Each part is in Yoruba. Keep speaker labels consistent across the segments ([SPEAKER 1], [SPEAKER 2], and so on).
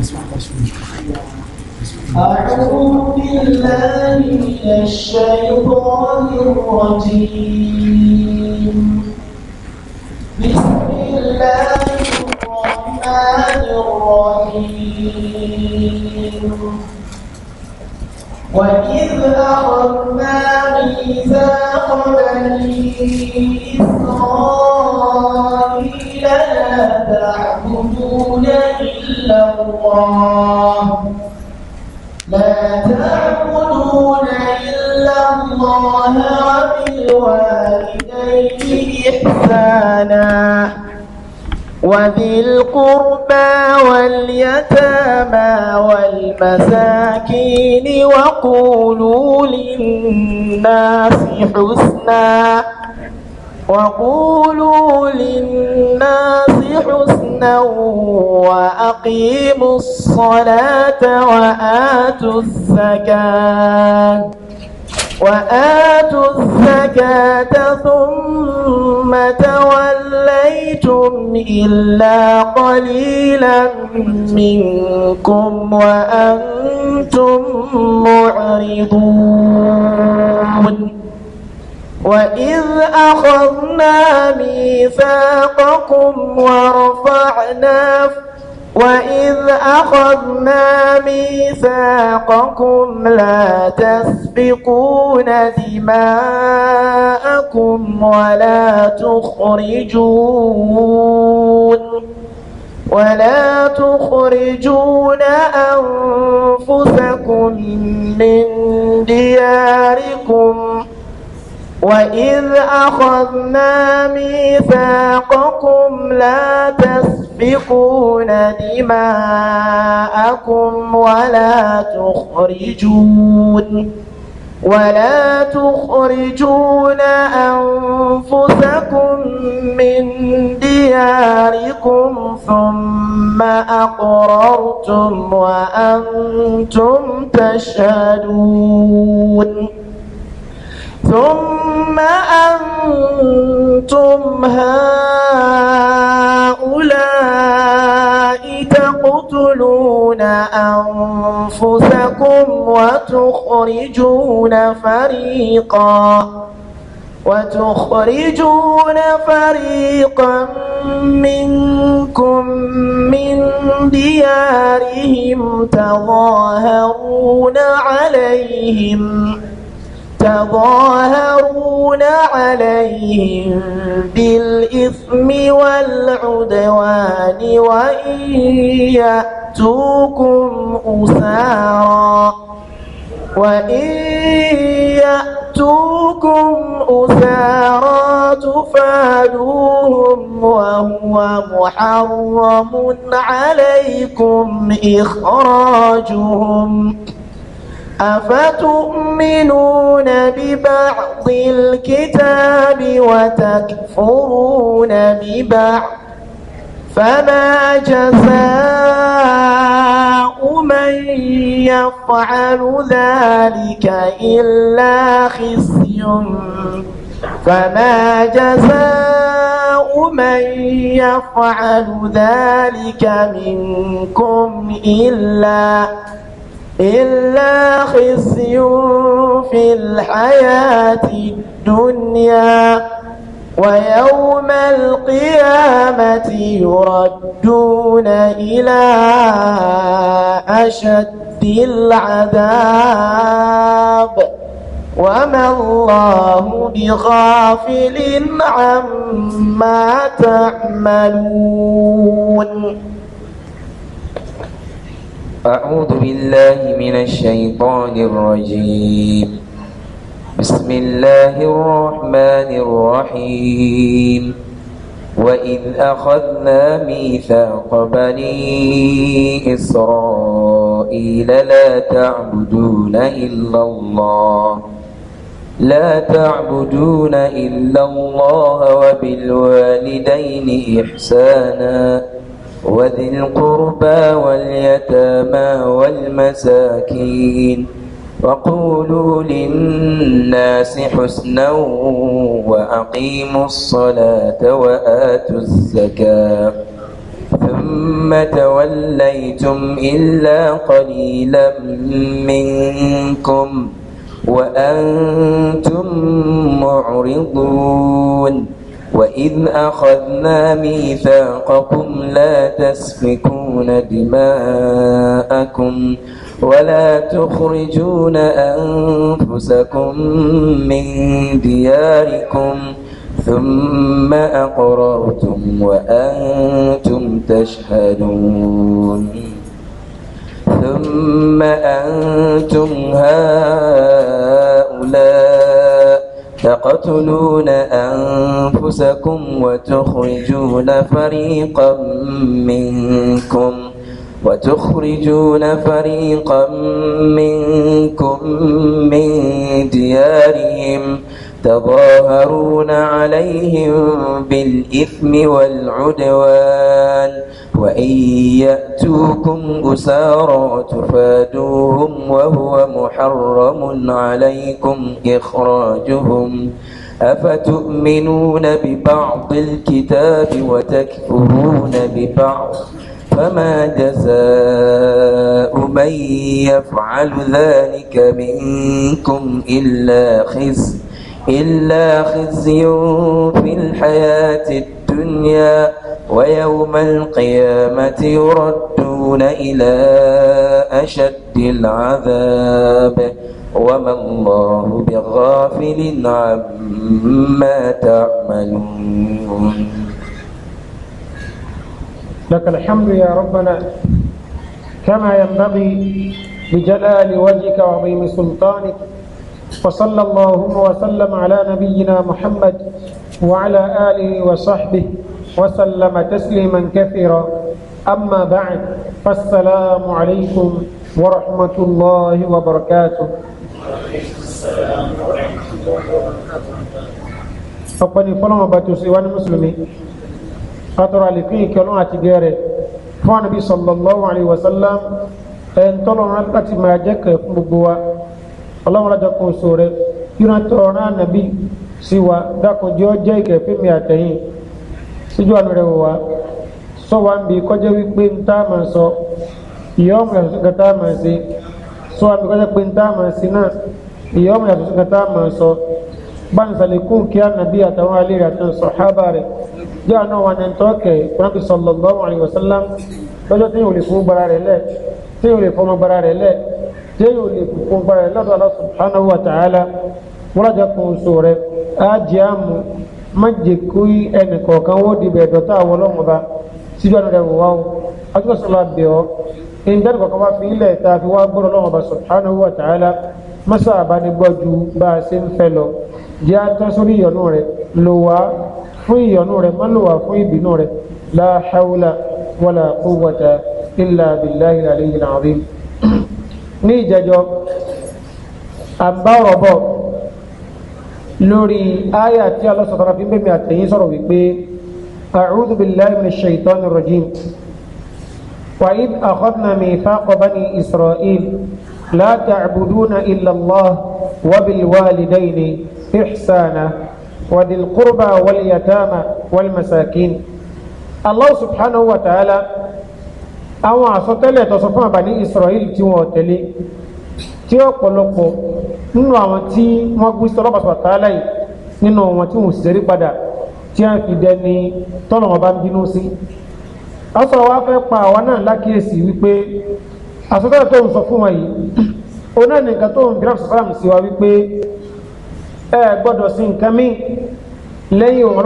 [SPEAKER 1] أعوذ
[SPEAKER 2] بالله من الشيطان الرجيم بسم الله الرحمن الرحيم
[SPEAKER 3] وإذ أخذنا ميثاق
[SPEAKER 2] بني إسرائيل لا تعبدون الله لا إلا الله وبالوالدين إحسانا وذي القربى واليتامى والمساكين وقولوا للناس حسناً وقولوا للناس حسنا وأقيموا الصلاة وآتوا الزكاة وآتوا الزكاة ثم توليتم إلا قليلا منكم وأنتم معرضون وَإِذْ أَخَذْنَا مِيثَاقَكُمْ وَرَفَعْنَا وَإِذْ أَخَذْنَا مِيثَاقَكُمْ لَا تَسْبِقُونَ دِمَاءَكُمْ وَلَا تُخْرِجُونَ ولا تخرجون أنفسكم من دياركم وإذ أخذنا ميثاقكم لا تسبقون دماءكم ولا تخرجون ولا تخرجون أنفسكم من دياركم ثم أقررتم وأنتم تشهدون ثم أنتم هؤلاء تقتلون أنفسكم وتخرجون فريقا وتخرجون فريقا منكم من ديارهم تظاهرون عليهم تظاهرون عليهم بالإثم والعدوان وإن يأتوكم أسارا وإن يأتوكم أسارا تفادوهم وهو محرم عليكم إخراجهم ۖ أفتؤمنون ببعض الكتاب وتكفرون ببعض فما جزاء من يفعل ذلك إلا خزي فما جزاء من يفعل ذلك منكم إلا إلا خزي في الحياة الدنيا ويوم القيامة يردون إلى أشد العذاب وما الله بغافل عما تعملون
[SPEAKER 4] أعوذ بالله من الشيطان الرجيم بسم الله الرحمن الرحيم وإذ أخذنا ميثاق بني إسرائيل لا تعبدون إلا الله لا تعبدون إلا الله وبالوالدين إحساناً وذي القربى واليتامى والمساكين وقولوا للناس حسنا وأقيموا الصلاة وآتوا الزكاة ثم توليتم إلا قليلا منكم وأنتم معرضون وَإِذْ أَخَذْنَا مِيثَاقَكُمْ لَا تَسْفِكُونَ دِمَاءَكُمْ ولا تخرجون أنفسكم من دياركم ثم أقررتم وأنتم تشهدون ثم أنتم هؤلاء تقتلون أنفسكم وتخرجون فريقا منكم وتخرجون فريقا منكم من ديارهم تظاهرون عليهم بالإثم والعدوان وإن يأتوكم أسارى تفادوهم وهو محرم عليكم إخراجهم أفتؤمنون ببعض الكتاب وتكفرون ببعض فما جزاء من يفعل ذلك منكم إلا خزي إلا خزي في الحياة الدنيا ويوم القيامة يردون إلى أشد العذاب وما الله بغافل عما تعملون
[SPEAKER 1] لك الحمد يا ربنا كما ينبغي بجلال وجهك وعظيم سلطانك وصلى الله وسلم على نبينا محمد وعلى آله وصحبه وسلم تسليما كثيرا أما بعد فالسلام عليكم ورحمة الله وبركاته ọ̀pọ̀ ní fọ́lọ́mọ̀ bá tó síwá ní mùsùlùmí kátọrọ àlèkún ìkẹlọ́n àti gẹ́rẹ̀ fún ànàbí sallallahu alaihi wasallam ẹ̀ntọ́lọ́run láti máa jẹ́kẹ̀ẹ́ fún gbogbo wa ọlọ́run lọ́jọ́ kan oṣù rẹ ìran tó ọ̀ràn ànábì sí wa dákun jẹ́ ọjọ́ ìkẹ́fẹ́ mi àtẹ̀yìn síjú àánú rẹ wò wá sọ wa ń bi kọjá wípé ń tá a máa sọ ìyá ọmọ yàtọ̀ sókè tá a máa ṣe sọ wa ń bi kọjá pé ń tá a máa ṣe náà ìyá ọmọ yàtọ̀ sókè tá a máa sọ bá ń sàlékún kí ànábì àtàwọn alẹ́ rẹ̀ àtàwọn sọ̀hábà rẹ̀ jẹ́ àná wa ní tọ́kẹ̀ kúrọ́bì sallallahu alaihi wasallam lọ́jọ́ tí yóò lè fún gbara rẹ̀ lẹ̀ tí yóò lè fọmọ gbara rẹ̀ lẹ̀ téèyàn ò lè kún gbára ẹ lọ́dọ̀ Allah subhanahu wa ta'ala múlájà kan oṣù rẹ á jẹ́ àmú má jẹ́ kó ẹnì kọ̀ọ̀kan wọ́n di bẹ̀ dọ̀tà àwọn ọlọ́run bá síjú àná rẹ̀ wọ́n o àtúkọ̀ sọ̀rọ̀ àbẹ̀ ọ́ ìjọba kọ̀ọ̀kan wá fi ilẹ̀ ta fi wá gbọ́dọ̀ ọlọ́run subhanahu wa ta'ala mọ́sá àbánigbọ́jú bá a ṣe ń fẹ́ lọ jẹ́ àtọ́sórí ìyọ̀nù rẹ̀ lò wá fún ìyọ̀nù rẹ̀ má lò wá fún ìbínú rẹ̀ la hawla wala quwwata illa billahi al-aliyyil ní ìjẹjọ́ àbá ọ̀rọ̀ bọ̀ lórí àyà tí alọ́sọ̀tara fi ń bẹ̀mí àtẹ̀yìn sọ̀rọ̀ wípé a'udhu billahi minash shaitani rajim وإذ أخذنا ميثاق بني إسرائيل لا تعبدون إلا الله وبالوالدين إحسانا وذي القربى واليتامى والمساكين الله سبحانه وتعالى àwọn àsọtẹ́lẹ̀ tó sọ fún àbáni Israel tí wọ́n tẹ̀lé tí pọ̀lọpọ̀ nínú àwọn tí wọ́n gbé sọ lọ́pàá sọ̀tàlá yìí nínú wọn tí wọ́n padà tí a fi dẹni tọ́nà wọn bá ń bínú pa àwa náà wípé àsọtẹ́lẹ̀ tó ń sọ fún wọn yìí nìkan tó ń sí wa wípé ẹ gbọ́dọ̀ sí nǹkan lẹ́yìn òun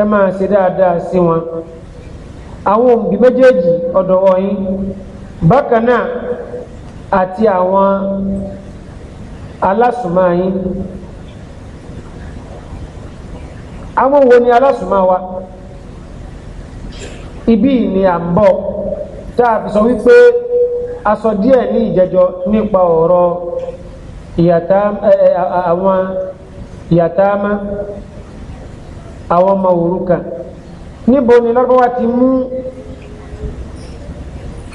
[SPEAKER 1] ẹ máa ṣe dáadáa sí wọn àwọn òbí méjèèjì ọ̀dọ̀ wọ̀nyí bákan náà àti àwọn wo ni alásùnmọ́ wa ibi ni à ń tá a fi sọ wípé a sọ ní ìjẹjọ nípa ìyàtá àwọn ìyàtá máa. àwọn ọmọ òrukàn níbo ni lọ́gbọ́wá ti mú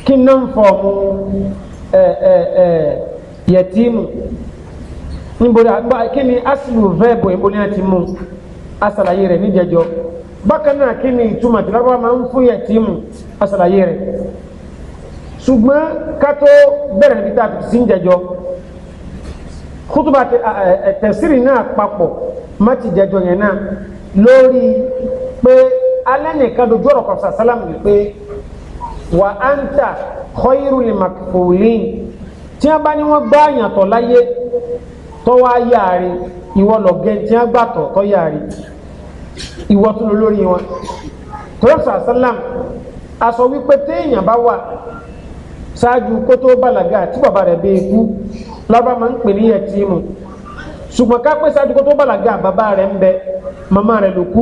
[SPEAKER 1] kí n náà fọ̀mù yẹtìmù níbo kí ni asilu vẹ́ẹ̀bù níbo ni a ti mú asàlàyé rẹ̀ níjẹjọ bákan náà kí ni ìtumọ̀ tí lọ́gbọ́wá máa ń fún yẹtìmù asàlàyé rẹ̀ ṣùgbọ́n kátó bẹ̀rẹ̀ níbi tá a fi sí níjẹjọ kútùbà tẹ̀sírì náà papọ̀ má ti jẹjọ yẹn náà lórí pé alẹ́ nìkan dojú ọ̀rọ̀ kan sàsálàm ni pé wà á ń tà khayru lil makfulin tí wọ́n bá ní wọ́n gbá àyàntọ̀ láyé tọ́wọ́ ayé ààrẹ ìwọ lọ̀gẹ́ tí wọ́n gbàtọ̀ tọ́yà ààrẹ ìwọ tún lọ lórí wọn tọ́lọ́pù sàsálàm aṣọ wípé téèyàn bá wà ṣáájú kó tó bàlágà tí bàbá rẹ̀ bẹ́ẹ̀ kú lọ́ba máa ń pè ní ẹ̀tí mu ṣùgbọ́n ká pé ṣáájú kó tó bàlágà bàbá rẹ̀ ń bẹ́ẹ̀ Mama rẹ̀ ló kú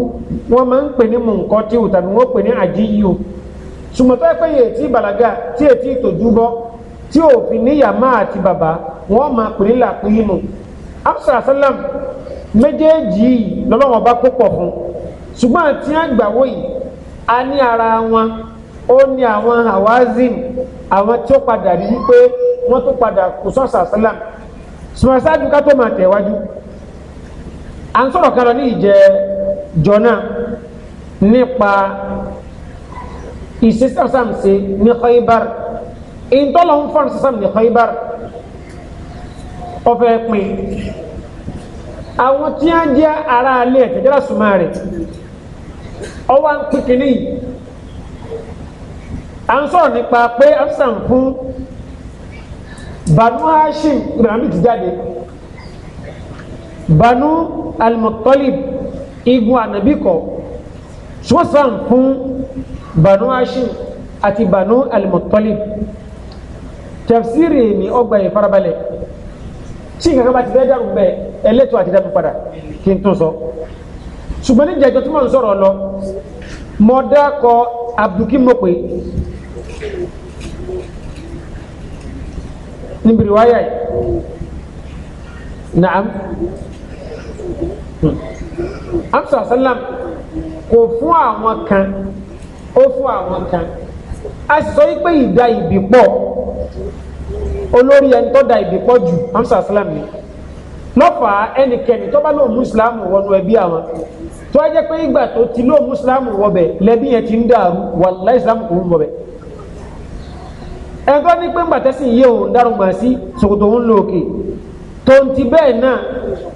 [SPEAKER 1] wọ́n máa ń pè ní mọ̀nkọ́tíù tàbí wọ́n pè ní àjíyù sùmọ́tọ́ ẹ pé yè tí bàlágà tí ètí ìtòjú bọ́ tí òfin níyà má àti bàbá wọ́n máa pè ní làpínú absalom salam méjèèjì yìí lọ́lọ́wọ́n bá kó pọ̀ fún ṣùgbọ́n àti àgbàwọ̀ yìí a ní ara wọn ó ní àwọn hawazin àwọn tí ó padà rí wípé wọ́n tó padà kò sọ́ọ̀sà salam sùmọ́sáájú ká tó máa tẹ̀wájú à ń sọ̀rọ̀ kan lọ ní ìjẹ jọ̀nà nípa ìsísàmùsẹ̀ ní Khaybar ìtọ́lọ̀ ń fọ́n sísàm ní Khaybar ọ̀fẹ́ pin àwọn tí a jẹ́ ara alẹ́ ẹ̀tẹ̀jẹ́ra súnmọ́ rẹ̀ ọwá ń pín kìíní à ń sọ̀rọ̀ nípa pé afsan fún Banu Hashim ti jáde banu al-muttalib igun ànàbí kọ wọ́n sàn fún banu hashim àti banu al-muttalib tafsiri ni ọgbà yìí farabalẹ̀ tí kankan bá ti fẹ́ dàrú bẹ́ẹ̀ ẹlẹ́tọ̀ àti dàbí padà kí n tún sọ ṣùgbọ́n ní jẹ́jọ́ tí mò ń sọ̀rọ̀ lọ mo dákọ abdulki mọ̀pẹ́ níbi riwaya yìí naam amsa salam kò fún àwọn kan ó fún àwọn kan a sọ yìí pé ìdá ìbí pọ̀ olórí ẹni tó da ìbí pọ̀ jù amsa salam ni lọ́fà ẹnikẹ́ni tó bá lóun mùsùlámù wọnú ẹbí àwọn tó ẹ jẹ́ pé ìgbà tó ti lóun mùsùlámù wọbẹ̀ lẹ́bí yẹn ti ń dàrú wàlá ìsìlámù kò ń wọbẹ̀ ẹ̀ńtọ́ ní pé ńgbà tẹ́sí yìí òun dárúgbà sí ṣòkòtò òun lòkè tonti bẹ́ẹ̀ náà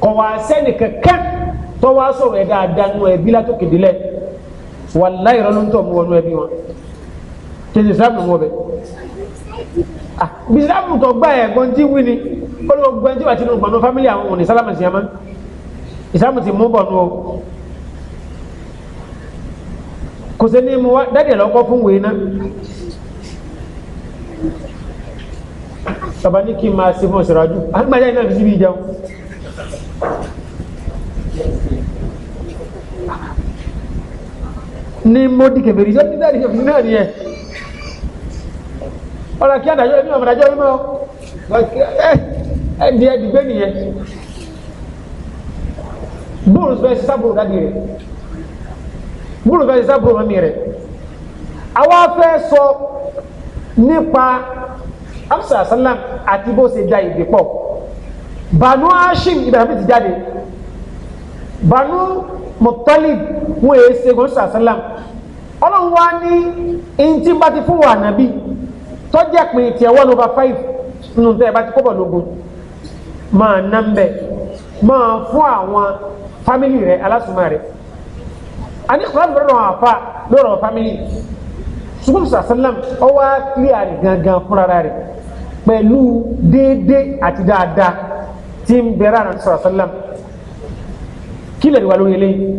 [SPEAKER 1] kọ̀ wá sẹ́ni kankan tó wá sọ̀rọ̀ ẹ̀ dáadáa nù ẹbí látòkè délẹ̀ wàláyé rẹ ló ń tọ̀ mú wọnú ẹbí wọn tètè sábà mú ọbẹ̀ ah, bisabu tó gbà ẹ̀ gbọ́n tí wí ni ó lọ gbọ́n tí wà tí ló gbọ́n nù fámìlì àwọn òní sálámà sí ẹ̀ máa ìsáàmù ti mú bọ̀ nù o kò sẹ́ni mu wá dáàdì ẹ̀ lọ́kọ́ fún wèé tọba ní kí n máa ṣe fún ọ̀sẹ̀rájú àgbàjá iná fi síbi ìjẹun ní mọ́dí kẹfẹ́rì ṣé ní dáàdì kẹfẹ́rì náà nìyẹn ọ̀rọ̀ kí àdájọ́ ẹ̀mí ọ̀mọ̀ àdájọ́ ẹ̀mí ẹ̀ ẹ̀dì ẹ̀dì gbé nìyẹn bóòlù fẹ́ sábòrò dádì rẹ̀ bóòlù fẹ́ sábòrò mọ́mí rẹ̀ àwa fẹ́ sọ nípa hamsa sallam àti bó ṣe da ìgbè pọ̀ banu hashim ibrahim ti jáde banu muttalib wọn èé ṣe hamsa sallam ọlọ́run wá ní ntí bá ti fún wa nàbí tọ́jú ẹ̀pìn tiẹ̀ one over five nínú tẹ́ ẹ bá ti kọ́ bọ̀ lógun máa ná ń bẹ̀ máa fún àwọn fámìlì rẹ alásùnmọ́ rẹ ani kura lórí wọn afa lórí wọn fámìlì sukuu sàlám ọwọ́ kílíà rẹ gangan fúnra rẹ pẹ̀lú déédé àti dáadáa tí ń bẹ̀rẹ̀ àná sọ̀rọ̀ sọ́lá kí lè wà lórí eléyìí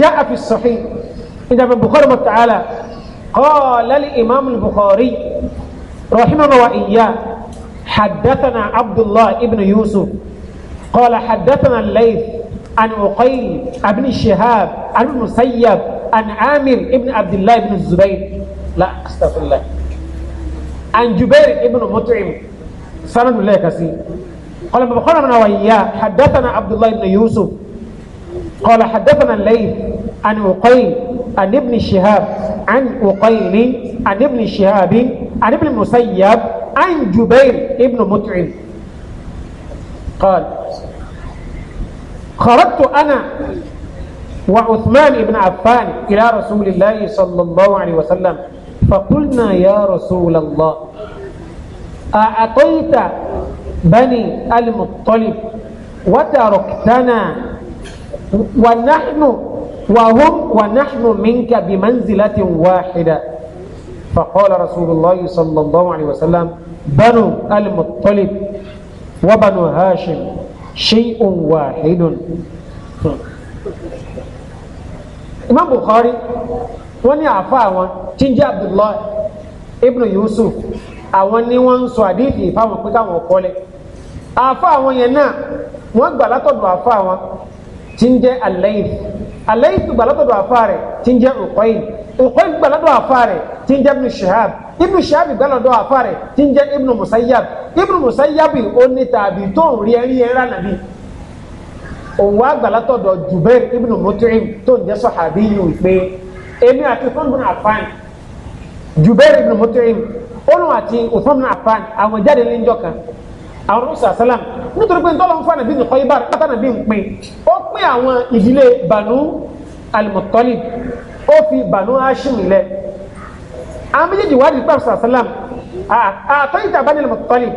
[SPEAKER 1] جاء في الصحيح عند ابن بخاري تعالى قال الإمام البخاري رحمه وإياه حدثنا عبد الله ابن يوسف قال حدثنا الليث عن عقيل ابن الشهاب عن المسيب عن عامر ابن عبد الله بن الزبير لا استغفر الله عن جبير بن مطعم سند الله كسي قال بقرنا وإياه حدثنا عبد الله بن يوسف قال حدثنا الليث عن عقيل عن ابن شهاب عن عقيل عن ابن شهاب عن ابن مسيب عن جبير بن مطعم قال خرجت أنا وعثمان بن عفان إلى رسول الله صلى الله عليه وسلم فقلنا يا رسول الله أعطيت بني المطلب وتركتنا ونحن وهم ونحن منك بمنزلة واحدة فقال رسول الله صلى الله عليه وسلم بنو المطلب وبنو هاشم شيء واحد إمام بخاري wọ́n ní àfa àwọn tí ń jẹ́ Abdullahi ibn Yusuf àwọn ni wọ́n ń sọ àdéhìí fáwọn pé káwọn kọ́lẹ̀ àfa àwọn yẹn náà wọ́n gbà látọ̀dọ̀ àfa àwọn tí ń jẹ́ Al-Layth Al-Layth gbà látọ̀dọ̀ àfa rẹ̀ tí ń jẹ́ Uqayl Uqayl gbà látọ̀dọ̀ àfa rẹ̀ tí ń jẹ́ Ibn Shihab Ibn Shihab gbà látọ̀dọ̀ àfa rẹ̀ tí ń jẹ́ Ibn Musayyab Ibn Musayyab onítàbí tó ń rí ẹrí ẹrá nàbí òun wá gbà látọ̀dọ̀ Jubair Ibn Mut'im tó ń jẹ́ sọ̀hábí yìí wípé èmi àti Usman bin Affan Jubair ibn Mut'im olùwà àti Usman bin Affan àwọn jáde ní njọ́ kan àwọn rúṣà sálám nítorí pé ntọ́lọ́ ń fa nàbí nìkọ́ ibà pátá nàbí ń pín ó pín àwọn ìdílé Banu al-Muttalib ó fi Banu Hashim lẹ̀ àwọn méjèèjì wádìí pàṣẹ sàlám àtọ́yìntà Banu al-Muttalib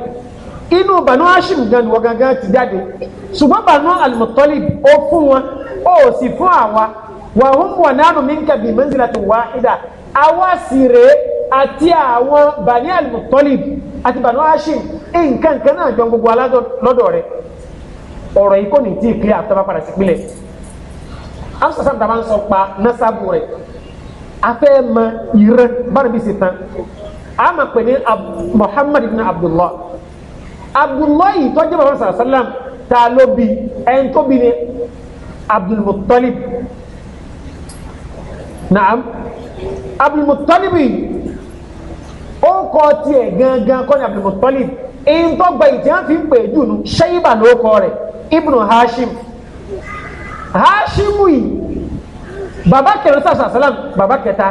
[SPEAKER 1] inú bànú hashim gan wọ gangan ti jáde ṣùgbọ́n bànú al ó fún wọn ó sì fún àwa wà hún wà nánú mi nkà bí mẹ́nsìlá tó wá ìdá àwa sì rè àti àwọn bani al-Muttalib àti bani Hashim nǹkan kan náà jọ gbogbo aládọ́dọ̀ rẹ ọ̀rọ̀ yìí kò ní tí ì kílẹ̀ àtọ́ bá padà sí pínlẹ̀ amsasan dama sọ pa nasabu rẹ afẹ́ ma ìrẹ bára bí sitan ama pè ní Muhammad ibn Abdullah Abdullah yìí tọ́jú bàbá sàlám ta ló ni Abdul Muttalib. naam abdulmutalibi ó kọ tiẹ̀ gangan kọ ni abdulmutalibi èyí tó gba ìtìyàn fi ń pè jù nù ṣẹ́yìnbà ló kọ rẹ̀ ha hashim hashimu yìí baba kẹrin sàṣàṣàlám baba kẹta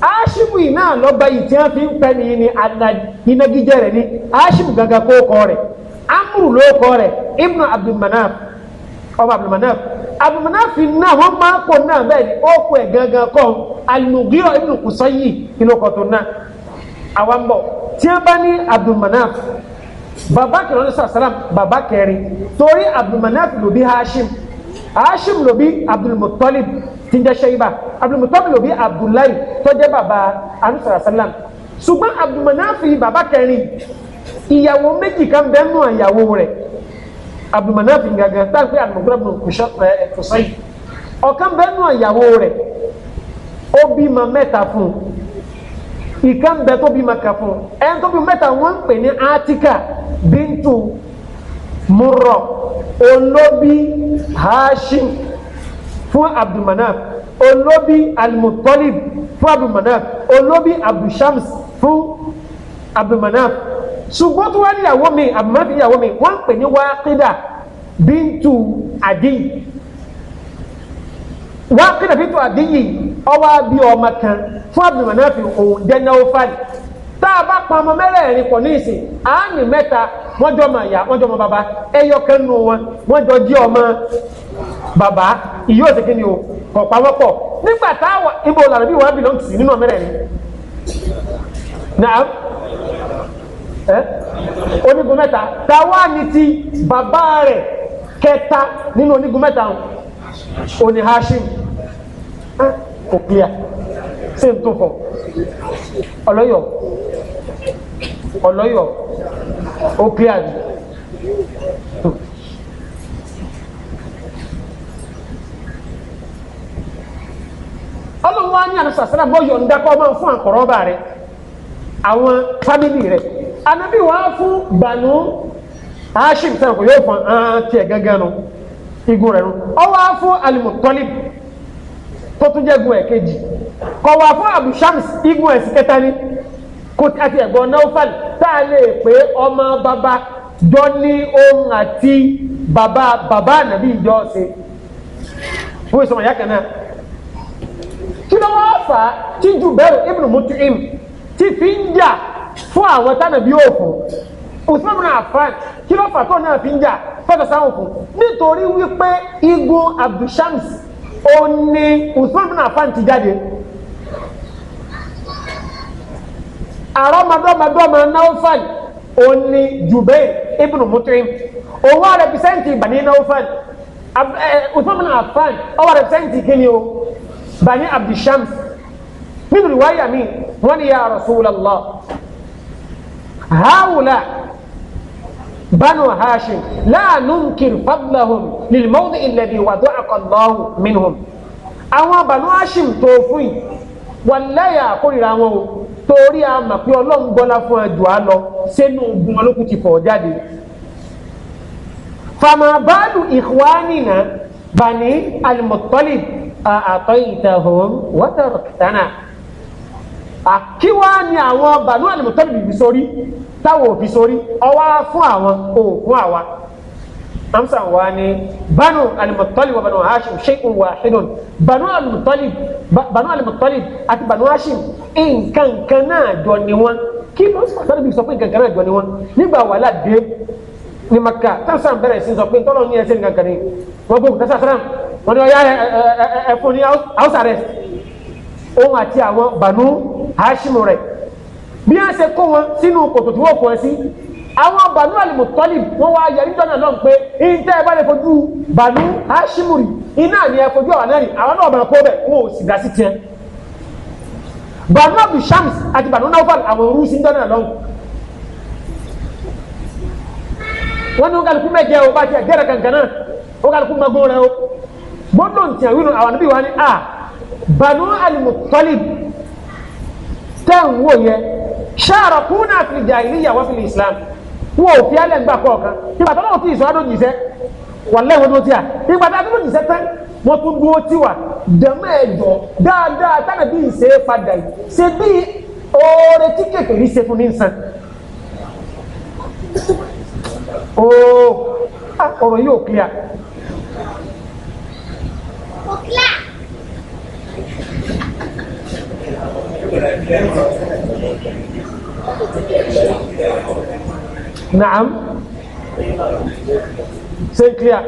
[SPEAKER 1] hashimu yìí náà lọ gba ìtìyàn fi ń pẹ́ ní ní anagijẹ rẹ̀ ní hashimu gangan kọ rẹ̀ amuru ló kọ rẹ̀ ibnu abdulmanaf ọmọ abdulmanaf abdulmanaf náà wọ́n máa ń pọ̀ náà bẹ́ẹ̀ ni ó kọ ẹ̀ gangan kọ́ al-Mughira ibn Qusayyi ìlọ́kọ̀ tó náà àwọn bọ̀ tí wọ́n bá ní abdulmanaf bàbá kẹrin ọdún sàsàlám bàbá kẹrin torí abdulmanaf ló bí hashim hashim ló bí abdulmuttalib tí ń jẹ́ shayba abdulmuttalib ló bí abdullahi tó jẹ́ bàbá anu sàsàlám ṣùgbọ́n abdulmanaf bàbá kẹrin ìyàwó méjì kan bẹ́ẹ̀ nù àyàwó rẹ̀ abdulmanafi gangan táà pé àdùmọ̀gbọ́n bùn kùsọ́ ẹ̀ eh, eh, kùsọ́ yìí ọ̀kan bẹ́ẹ̀ nù àyàwó rẹ̀ ó bímọ mẹ́ta fún ìkan bẹ́ẹ̀ tó bímọ kan fún ẹni tó bímọ mẹ́ta wọ́n ń pè ní atika bintu murọ olóbi hashim fún abdulmanaf olóbi almutalib fún abdulmanaf olóbi abdulshams fún abdulmanaf ṣùgbọ́n tó wá níyàwó mi àbùmọ́tì níyàwó mi wọ́n ń pè ní wákìdà bíntu àdìyí wákìdà bíntu àdìyí ọwọ́ bí ọmọ kan fún abdulmanafi òun dẹ́nà ọ̀fàlì tá a bá pa ọmọ mẹ́rẹ̀ẹ̀rin pọ̀ ní ìsìn àánì mẹ́ta wọ́n jọ ọmọ ìyá wọ́n jọ ọmọ bàbá ẹyọ kan nù wọn wọ́n jọ jí ọmọ bàbá ìyóò ṣe kí ni o ọ̀pá wọ́pọ̀ nígbà táwọn ibo làrá bí wọ́n á bì lọ́n tì sí nínú ọmọ mẹ́rẹ̀ẹ̀rin. Eh? onígun mẹ́ta ta wá ní ti bàbá rẹ̀ kẹta nínú onígun mẹ́ta òní Hashim eh? kò clear ṣé n tó kọ ọlọ́yọ̀ ọlọ́yọ̀ ó clear ni. ní àná sàṣẹ́lá bọ́ yọ̀ǹda kọ́ máa fún àkọ́rọ́ bá rẹ̀ àwọn fámìlì rẹ̀. anabi wàá fún bànú ashim sẹ́nu kò yóò fún ahán tiẹ̀ gángan nu igun rẹ̀ nu ọ wàá fún alimutọ́lib tó tún jẹ́ gun ẹ̀ kejì kọ̀ wàá fún abu shams igun ẹ̀ sí kẹta ni kò àti ẹ̀gbọ́n náufal tá a lè pé ọmọ bàbá jọ ní ohun àti bàbá bàbá ànàbí ìjọ ṣe fún ìsọmọ ìyá kan náà kí ló wá fà á tí ju bẹ́rù ibn mut'im ti fi ń jà fún àwọn tánàbí òfin Usman bin Affan kí ló fà tó náà fi ń jà fọ́tọ̀sá òfin nítorí wípé igun Abdushams ó ní Usman bin Affan ti jáde àrọ́mọdọ́mọdọ́mọ Naufal ó ní Jubair ibn Mut'im òun wá rẹpísẹ́ǹtì Bani Naufal Usman bin Affan ó wá rẹpísẹ́ǹtì kíni o Bani abdulshams nínú ìwáyà mi wọ́n ní ya Rasulullah. هؤلاء بنو هاشم لا ننكر فضلهم للموضع الذي وضعك الله منهم àwọn bànú hashim tó fún yìí wàláyà àkórìíra wọn o torí a mà pé ọlọ́run gbọ́lá fún ẹjọ́ á lọ sínú ogun olókùn ti fọ̀ jáde. fama ikhwanina bani al-Muttalib àtọ́ ìtàhùn wọ́tàrọ̀ kìtànà kí wá ní àwọn bànú àlùmọ̀tẹ́bì fi sórí táwọn òfi sórí ọwá fún àwọn òògùn àwa amsa wa ni banu alimọtọli wa banu hashim sheikun wahidun banu alimọtọli banu alimọtọli àti banu hashim nkankan náà jọ ni wọn kí ló ń sọ sọ́dọ̀ bí sọ pé nkankan náà jọ ni wọn nígbà wàhálà dé ní maka tasa bẹ̀rẹ̀ sí sọ pé ntọ́lọ́ ní ẹsẹ̀ nkankan ni wọ́n gbógun tasa sara wọn ni wọ́n yá ẹ ẹ ẹ fún ní house arrest òun àti àwọn bànú hashimu rẹ̀ bí wọ́n ṣe kó wọn sínú kòtò tí wọ́n kọ́ ẹ sí àwọn bànú alimutọ́lì wọ́n wá yẹ níjọ́ náà lọ́n pé ìtẹ́ ẹ bá lè fojú bànú hashimu rí iná ni ẹ fojú àwọn náà rí àwọn náà máa kó bẹ̀ wọn ò sì dá sí tiẹ̀ bànú abdul shams àti bànú naufal àwọn rúùsì níjọ́ náà lọ́n wọ́n ní kálukú mẹ́jẹ o bá tiẹ̀ gẹ́rẹ́ kankan náà ó kálukú rẹ o gbọ́dọ̀ ntìyàwó àwọn àbí wa ni a banu al-muttalib tẹ́ ń wò yẹ ṣáàrọ̀ kúnà fi jàhílíyà wá fil islam wọ́n ò fi alẹ́ ń gbà kọ̀ọ̀kan nígbà tó náà ti ìsọ́ àdó jìṣẹ́ wà lẹ́wọ̀n tó ti à nígbà tó àdó jìṣẹ́ tán wọ́n tún dúró tì wá dẹ̀mọ́ ẹ̀jọ̀ dáadáa tánà bí ìṣe padà yìí ṣe bí oore tí kékeré ṣe fún ní nsàn. ooo ah, ọ̀rọ̀ yìí ò clear. ò clear. Naam. Ṣé clear?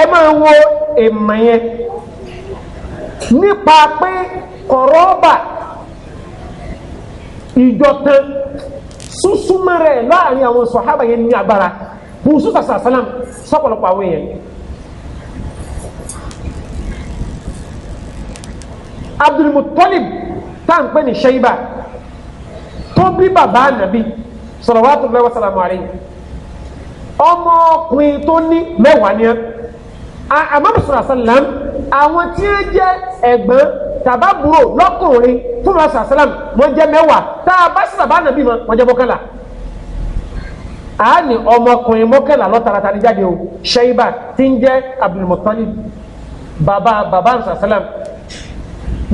[SPEAKER 1] Ẹ máa wo èèmọ̀ yẹn nípa pé kọ̀rọ̀ọ̀bà ìjọ tán súnsúnmọ́ rẹ̀ láàrin àwọn sọ̀hábà yẹn ní agbára musu sasa salam sọ̀pọ̀lọpọ̀ àwọn èèyàn abdulmutalib táǹpẹ́ ní ṣẹ́yìnbá tó bí bàbá Nabi, salawatullahi wa salamu alayhi ọmọkùnrin tó ní mẹ́wàá ni àmọ́bù sọ̀rọ̀ sàlám àwọn tí ó jẹ́ ẹ̀gbọ́n tàbábúrò lọ́kùnrin fún wa sàlám wọ́n jẹ́ mẹ́wàá tá a bá sábà ànàbí wọn jẹ́ bọ́kànlá a ní ọmọkùnrin mọ́kànlá lọ́tara tani jáde o Shaiba tí ń jẹ́ Abdulmutalib bàbá bàbá nsàsálàm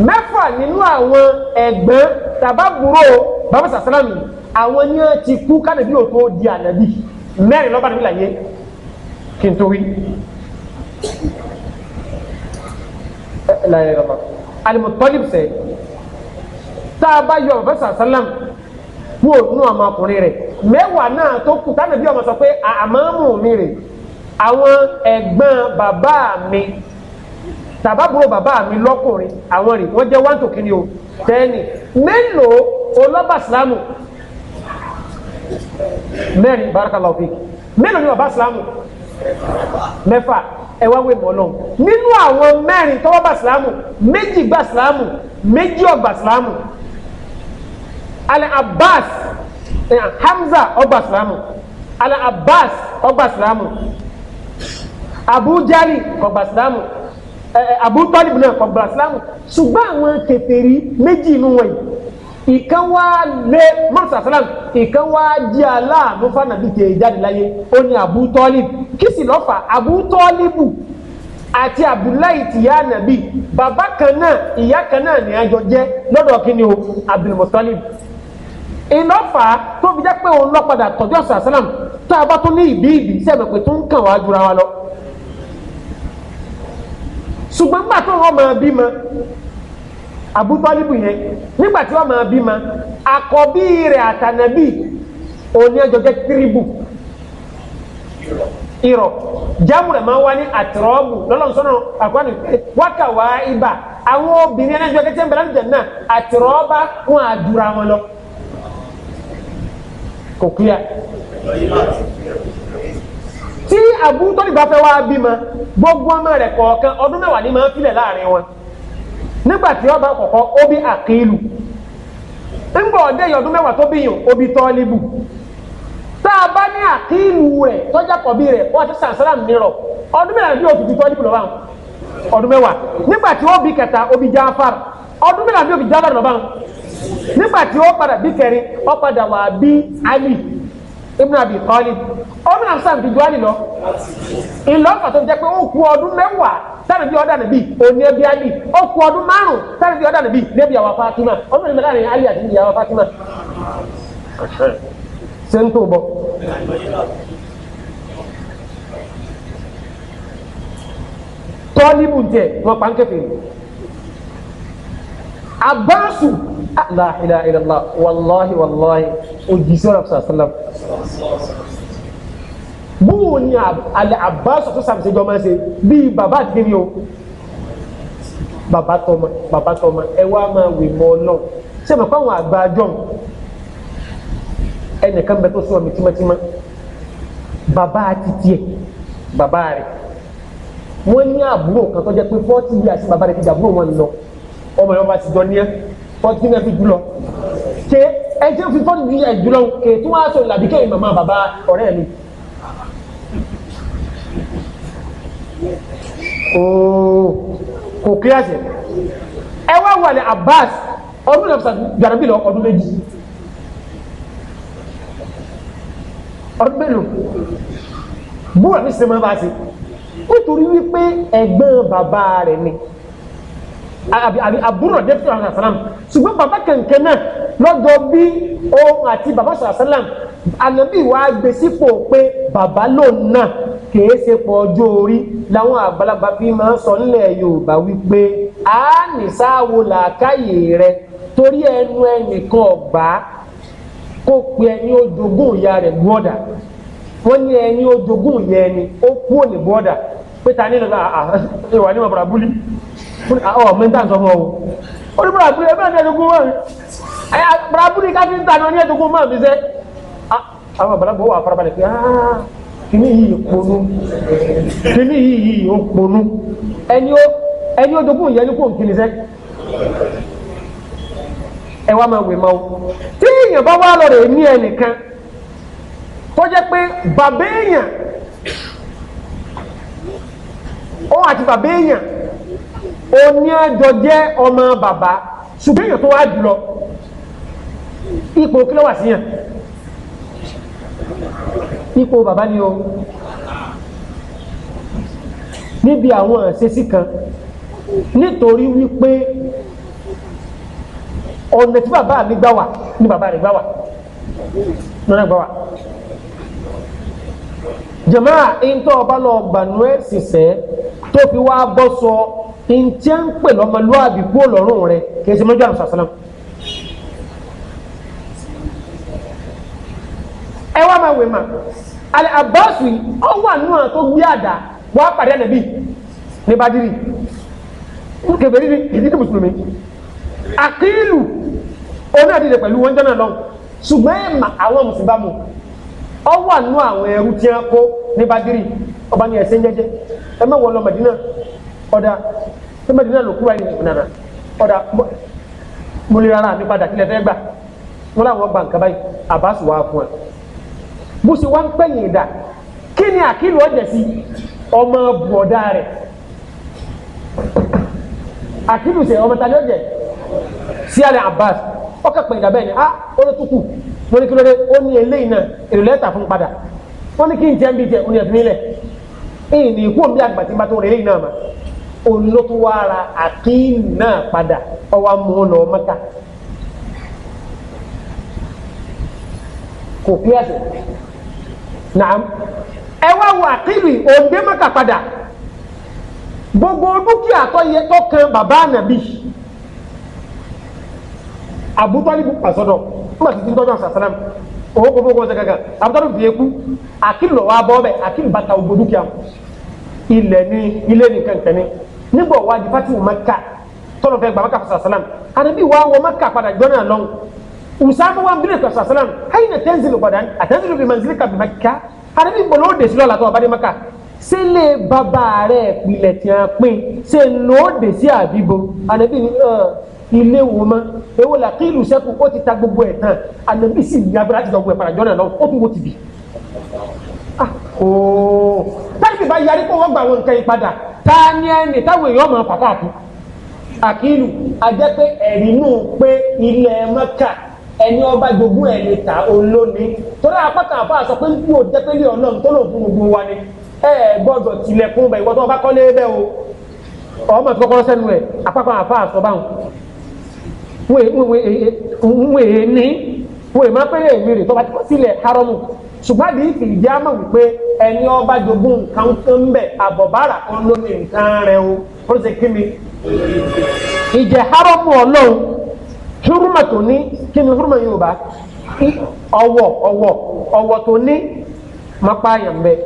[SPEAKER 1] mẹ́fà nínú àwọn ẹ̀gbọ́n tàbábúrò bàbá nsàsálàm àwọn ní ti kú kánàbí ò tó di ànàbí mẹ́rin lọ́ba níbi làyé kí n tó wí. Al-Mutalib sẹ́ tá a bá yọ bàbá nsàsálàm mẹ́wàá náà tó kù táwọn ẹbí ọmọ sọ pé àmọ́mù mi rè àwọn ẹ̀gbọ́n bàbá mi tàbábúrò bàbá mi lọ́kùnrin àwọn rè wọ́n jẹ́ one to kiri o tẹ́ẹ̀nì mélòó olọ́ba sàlámù mẹ́rin barakallahu fiki mélòó ni bàbá sàlámù mẹ́fà ẹ wá wé mọ́lọ́ nínú àwọn mẹ́rin tọ́wọ́ bá sàlámù méjì gbà sàlámù méjì ọgbà sàlámù alẹ́ abbas Eh, hamza ọgbà sàlámù ala abbas ọgbà sàlámù abu jali ọgbà sàlámù eh, eh, abu talib náà ọgbà sàlámù ṣùgbọ́n àwọn kèfèrí méjì inú wọn yìí ìkan wá lé mọ́tò sàlámù ìkan wá jí aláàánú fànàbí tẹ̀ jáde láyé ó ní abu talib kí sì lọ́fà abu talibu àti abdullahi tìyá nàbí bàbá kan náà ìyá kan náà ní àjọ jẹ lọ́dọ̀ kí ni o abdulmutalib iná fà á tó fi jẹ́ pé òun lọ padà tọ́jú ọ̀sán sálàm tá a bá tó ní ìbí ìbí sẹ́mi pé tó ń kàn wá jura wa lọ. ṣùgbọ́n nígbà tó wọ́n máa bímọ abúbálíbù yẹn nígbà tí wọ́n máa bímọ àkọ́bí rẹ̀ àtànàbí òní ẹjọ́ jẹ́ tíríbù irọ jamu rẹ máa wá ní àtìrọ́ọ̀bù lọ́lọ́sọ́nà àkọ́ni wákà wá ibà àwọn obìnrin ẹlẹ́jọ́ kẹ́tẹ́ ń bẹ̀rẹ̀ àtìrọ́ọ̀bá wọn àdúrà wọn lọ. kò clear tí àbú tó fẹ́ wá gbogbo ọmọ rẹ̀ kọ̀ọ̀kan ọdún mẹ́wàá ni máa ń filẹ̀ láàrin wọn nígbà tí ọba kọ̀kọ́ ó bí àkílù ọdẹ yìí ọdún mẹ́wàá tó bí yàn ó bí tá a bá ní àkílù rẹ̀ tọ́jà kọ̀bí rẹ̀ wọ́n ti ọdún mẹ́wàá bí lọ́wọ́ ọdún nígbà tí ó padà bí kẹrin ó padà wà bí ali ibn abi talib ọmọ náà sáà ti ju ali lọ ìlọ́kà tó jẹ́ pé ó kú ọdún mẹ́wàá sáré bí ọ̀dà nàbí òní ẹbí ali ó kú ọdún márùn sáré bí ọ̀dà nàbí lẹ́bi àwa fatima
[SPEAKER 3] ọmọ náà láàrin ali
[SPEAKER 1] àti ìyàwó fatima ṣe ń tó bọ. tọ́líbù jẹ wọn pa ń kẹfì abáàsù la ilaha illallah wàláhi wàláhi òjìṣẹ́ rẹ̀ sàlám. bóò ni alẹ́ abáàsù tó sàmì sẹ́jọ́ máa ń ṣe bíi bàbá àti kiri o bàbá tọmọ bàbá tọmọ ẹ wá máa wè mọ́ ọ náà ṣé màá pàwọn àgbà àjọ ẹnìkan bẹ tó sọ mi tímọ́tímọ́ bàbá àti tiẹ̀ bàbá rẹ̀ ní àbúrò kan tó jẹ́ pé fọ́ọ̀tì yìí àti bàbá rẹ̀ ti dàbúrò wọn lọ ọmọ yẹn ọba ti jọ níyẹn fọtí náà fi jùlọ ṣe ẹjẹ fi fọtí ju ẹ jùlọ kè tí wọn á sọ ìlàbí kéyìn màmá bàbá ọ̀rẹ́ mi. ooo kò kí àṣẹ ẹ wá wà ní Abbas ọdún náà fisa jàdàbí lọ ọdún méjì ọdún mélòó búra ní sinimá bá ṣe nítorí wípé ẹ̀gbọ́n bàbá rẹ̀ ni àbí àbí àbúrò dé fún àwọn àsálàm ṣùgbọ́n bàbá kẹ̀kẹ́ náà lọ́dọ̀ bí òun àti bàbá sọ̀rọ̀ àsálàm ànábì wa gbé sípò pé bàbá lòun náà kìí ṣe pọ̀ ọjọ́ orí làwọn àgbàlagbà fi máa ń sọ nílẹ̀ Yorùbá wípé a nì sáwo làákàyè rẹ torí ẹnu ẹnìkan ọ̀gbá kó pe ẹni ó jogún ìyá rẹ̀ gbọ́dà wọ́n ní ẹni ó jogún ìyá ẹni ó kú òní gbọ́dà pé ta ah, ah, ní lọ́la ìwà ní ọ̀bàrà búlí ọ̀ mẹ́ta sọ fún ọ o ó ní buraburi ẹ bẹ́ẹ̀ ní ẹ̀dógún mọ́ ẹ buraburi káfíńtà ni ó ní ẹ̀dógún mọ́ mi sẹ́ àwọn àgbàlagbà wà farabalẹ̀ pé ah, kìíní yìí ponú kìíní yìí ó ponú ẹni ó ẹni ó dógún yẹn ní kò ń kiri sẹ́ ẹ wá máa wè máa o tí èèyàn bá wá lọ rẹ̀ ní ẹnìkan tó jẹ́ pé bàbá èèyàn ó àti bàbá èèyàn oní àjọ jẹ́ ọmọ bàbá ṣùgbọ́n èèyàn tó wá jùlọ ipò kí ló wà síyàn ipò bàbá ni o níbi àwọn àṣesí kan nítorí wípé ọ̀nà tí bàbá mi gbà wà ni bàbá rẹ̀ gbà wà lọ́nà gbà wà jamaa ntọ́ ọba lọ gbanú ẹ̀ sísẹ́ tó fi wá bọ́ sọ ntẹ́ ń pè lọ́mọlúwàbí kú ọlọ́run rẹ kì í ṣe mọ́jú àrùn sàṣẹ́lẹ̀. ẹ wá máa wẹ̀ mà alẹ́ àbáṣù yìí ọ wà nù àtó gbé àdá wàá pàdé ànàbí ní badiri kẹfẹ́rí ni ìdí ní mùsùlùmí àkílù oní àdìrẹ pẹ̀lú wọn jẹ́ náà lọ ṣùgbọ́n ẹ̀ mà àwọn mùsùlùmí ọ wà nù àwọn ẹrú tí wọn kó ní badiri ọba ní ẹsẹ jẹjẹ ẹ mọ wọn lọ Madina ọdà ẹ Madina ló kúrò ayé nana ọdà mo lè rárá mi padà kílẹ̀ fẹ́ gbà wọn làwọn gbà nǹkan báyìí Abbas wà fún ẹ bó ṣe wá ń pẹ̀yìn ìdá kí ni àkìlù ọ̀jẹ̀ sí ọmọ bùọ̀dá rẹ̀ àkìlù sẹ ọmọ tani ọ̀jẹ̀ sí àlẹ Abbas ọkà pẹ̀yìndà bẹ́ẹ̀ ni ah orí tó kù mo ní kí ló dé ó ní eléyìí náà èrò lẹ́tà fún padà ó ní kí n jẹ́ ń bí jẹ́ òní ẹ̀dùn nílẹ̀ ìyìn ní ikú òmí àgbà tí n bá tó rẹ̀ eléyìí náà mà olótúwára àkín náà padà ọwọ́ mú lọ mọ́ta kò pé àṣẹ nàám ẹ wá wo àkínú òǹdé mọ́ta padà gbogbo dúkìá tó yẹ tó kan bàbá ànàbí yìí abutali bu pasọdọ kuma titi tọjọ sasalam o ko fo ko se kankan abutali bi a akili lọ wa bọ bẹ akili bata o bodu kiam ilẹ̀ ni ilé ni kankani nígbà wa di fati Mákà tọlọ fẹ́ gbaba ka fa sasalam anabi wa wọ Mákà padà jọna lọn usama wa bile ka sasalam hayi na tẹnzili kọdan a tẹnzili bi manzili ka bi Mákà anabi bọlọ o desi lọ la tọ a ba di Mákà sele baba rẹ̀ pilẹ̀ tiɲɛ pin se lo desi a bi bo anabi ni ẹẹ ilé wo mọ ewo la kí ìlú sẹ́kù ó ti ta gbogbo ẹ̀ tán ànàbí sì ní abúlé àti ìdọ̀gbọ ẹ̀ padà jọ́nà lọ ó tún wo ti bì. táìpì bá yarí kó wọ́n gba àwọn nǹkan yìí padà ta ni ẹni táwọn èèyàn mọ̀ pàpà kú. àkìlù ajẹ́ pé ẹ̀rí nù pé ilẹ̀ mẹ́kà ẹni ọba jogún ẹ̀ lè ta olóni torí apákan àfa àsọ pé kú òjẹ́ pé lè ọ̀nà tó lò fún gbogbo wa ni ẹ gbọ́dọ̀ tilẹ̀kùn bẹ̀ ìwọ́n tó ọba kọ́lé bẹ́ẹ̀ o ọmọ ìfọkọ́rọ́sẹ́nu rẹ̀ apákan àfa àsọ báwọn wèé eh, eh, eh, ní wèé máa pé èmi rè tó bá sílẹ̀ haramu ṣùgbọ́n àdìyí kì í já wípé ẹni ọba jogún nǹkan kan bẹ̀ àbọ̀bára kan ló ní nǹkan rẹ̀ o ó ṣe kí mi. ìjẹ́ haramu ọlọ́run huruma tó ní kí ni huruma yóò bá ọwọ́ ọwọ́ ọwọ́ tó ní má pààyàn bẹ́ẹ̀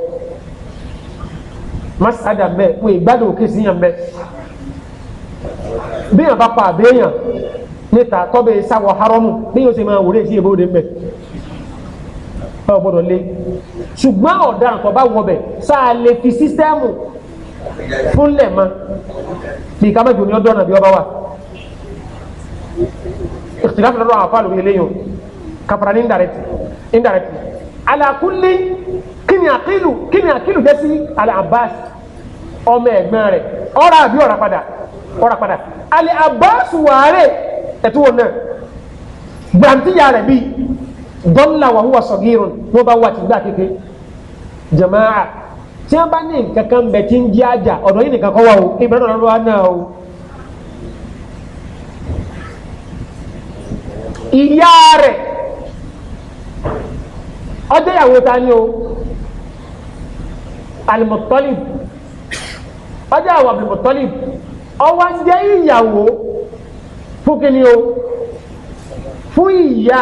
[SPEAKER 1] má sádà bẹ́ẹ̀ òkè níta tọ́bẹ̀ sáwọ̀ haramu bí yóò ṣe máa wòlé sí ìbò òde mbẹ báwo gbọdọ̀ lé ṣùgbọ́n ọ̀daràn tó bá wọbẹ̀ sáà lè fi sísẹ́mù fúnlẹ̀ mọ́ bí ká mẹ́jọ ní ọdọ́ náà bí ọba wa ìtìláfẹ́ lọ́dọ̀ àwọn afáàlù ilé kàfàrà ní indirect indirect alakulli kíni àkìlù kíni àkìlù jẹ́ sí Al-Abbas ọmọ ẹ̀gbọ́n rẹ̀ ọ̀rọ̀ àbí ọ̀rọ̀ padà ọ̀rọ̀ padà Al-Abbas ẹtú wọn náà gbantiya rẹ bi dọ́là wà hùwà sọ̀gírùn wọ́n bá wà tìgbà kéke jamaa tí wọ́n bá ní nǹkan kan bẹ̀ tí ń di àjà ọ̀dọ̀ yìí nìkan kọ́ wà o ìbẹ̀rẹ̀ ọ̀dọ̀ wa náà o. ìyá rẹ̀ ọjọ́ ìyàwó ta ni o alimọ̀tọ́lì ọjọ́ ìyàwó alimọ̀tọ́lì ọwọ́ jẹ́ ìyàwó fún kíni o fún ìyá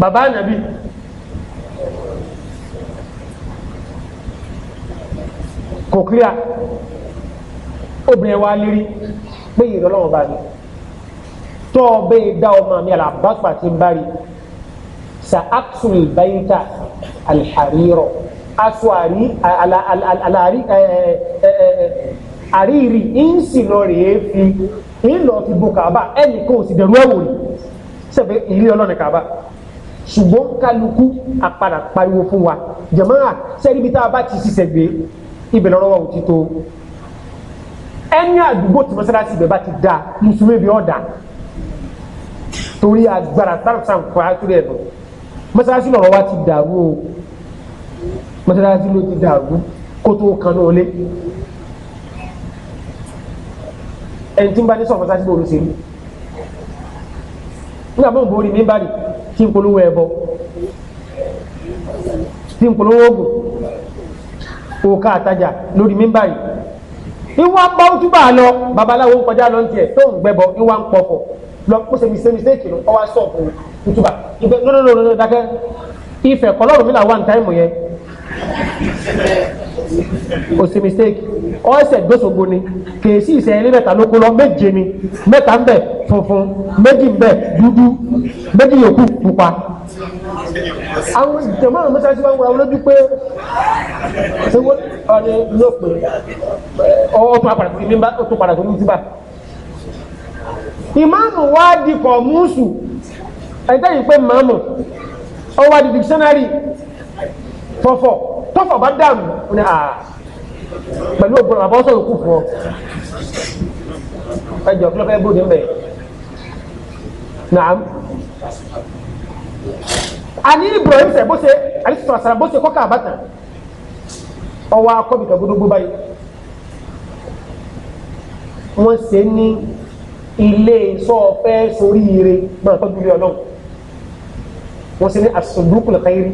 [SPEAKER 1] bàbá ànàbí kò clear obìnrin wa lérí pé ìrìn ọlọ́run bá mi tó o bẹ́ẹ̀ dá ọmọ mi àlàbàpà ti ń bá rí sa axel bayita alhariro aṣọ àrí àlàrí àríri ń sì lọ rèé fi èyí lọ ti bo kàbá ẹnì kan ò sì dẹ̀rú ẹ̀wò rí sẹ́fẹ̀ ilé ọlọ́ni kàbá ṣùgbọ́n kálukú apadà pariwo fún wa jàmáà sẹ́ni bí tá a bá ti ṣiṣẹ́ gbé ibẹ̀ lọ́rọ́ wa ò ti tó ẹni àdúgbò tí mọ́sálásí ibẹ̀ bá ti da mùsùlùmí bí ọ̀dà torí agbára tàbí fún àtúrẹ̀ ẹ̀dùn mọ́sálásí lọ́rọ̀ wa ti dàrú o mọ́sálásí ló ti dàrú kótó kan náà lé ẹni tí ń bá ní sọ̀rọ̀ sásìkò olùsè rí nígbà bó ń borí mi bá rí tí ń polówó ẹbọ tí ń polówó oògùn òkà àtajà lórí mi bá rí ìwà ń bá túbà lọ babaláwo ń kọjá lọ ń tiẹ̀ tó ń gbẹbọ ìwà ń pọ̀fọ̀ lọ kó ṣe mistake mistake lọ ọwọ́ sọ̀ fún túbà ìgbẹ́ lọ́dọ̀dọ̀dọ̀ dákẹ́ ìfẹ́ kọlọ́run mi là wà ní táìmù yẹn ó ṣe mistake ọ̀sẹ̀ gbèsògbò ni kèésì ìsẹ̀yìnlẹ̀ mẹ́ta ló kó lọ méje ni mẹ́ta ń bẹ funfun méjì ń bẹ dúdú méjì yòókù pupa. àwọn ìjọba àwọn mọ́sáàsì máa ń wura lójú pé ṣéwó ọ̀rẹ́ ló pè ọ̀ọ́ tó padà sí mi bá tó padà sí mi jùbà. ìmáàmù wá di kọ̀mùsù ẹ̀ńtẹ́yìn pé màmù ọwọ́ di dictionary fọ́fọ́ tọ́fà bá dàrú ó ní àà pẹ̀lú ògbọ́n àbọ̀ sọ̀rọ̀ kù fún ọ ẹjọ́ kí ló fẹ́ bóde ń bẹ̀ naam ani Ibrahim sẹ bó ṣe alisatu asara bó ṣe kọ́ka àbátan ọwọ́ akọ́bìkà gbódógbó báyìí wọ́n ṣe ní ilé sọ́ọ̀fẹ́ sórí ire máa tọ́jú ilé ọlọ́run wọ́n ṣe ní asọ̀dúkùn kàírí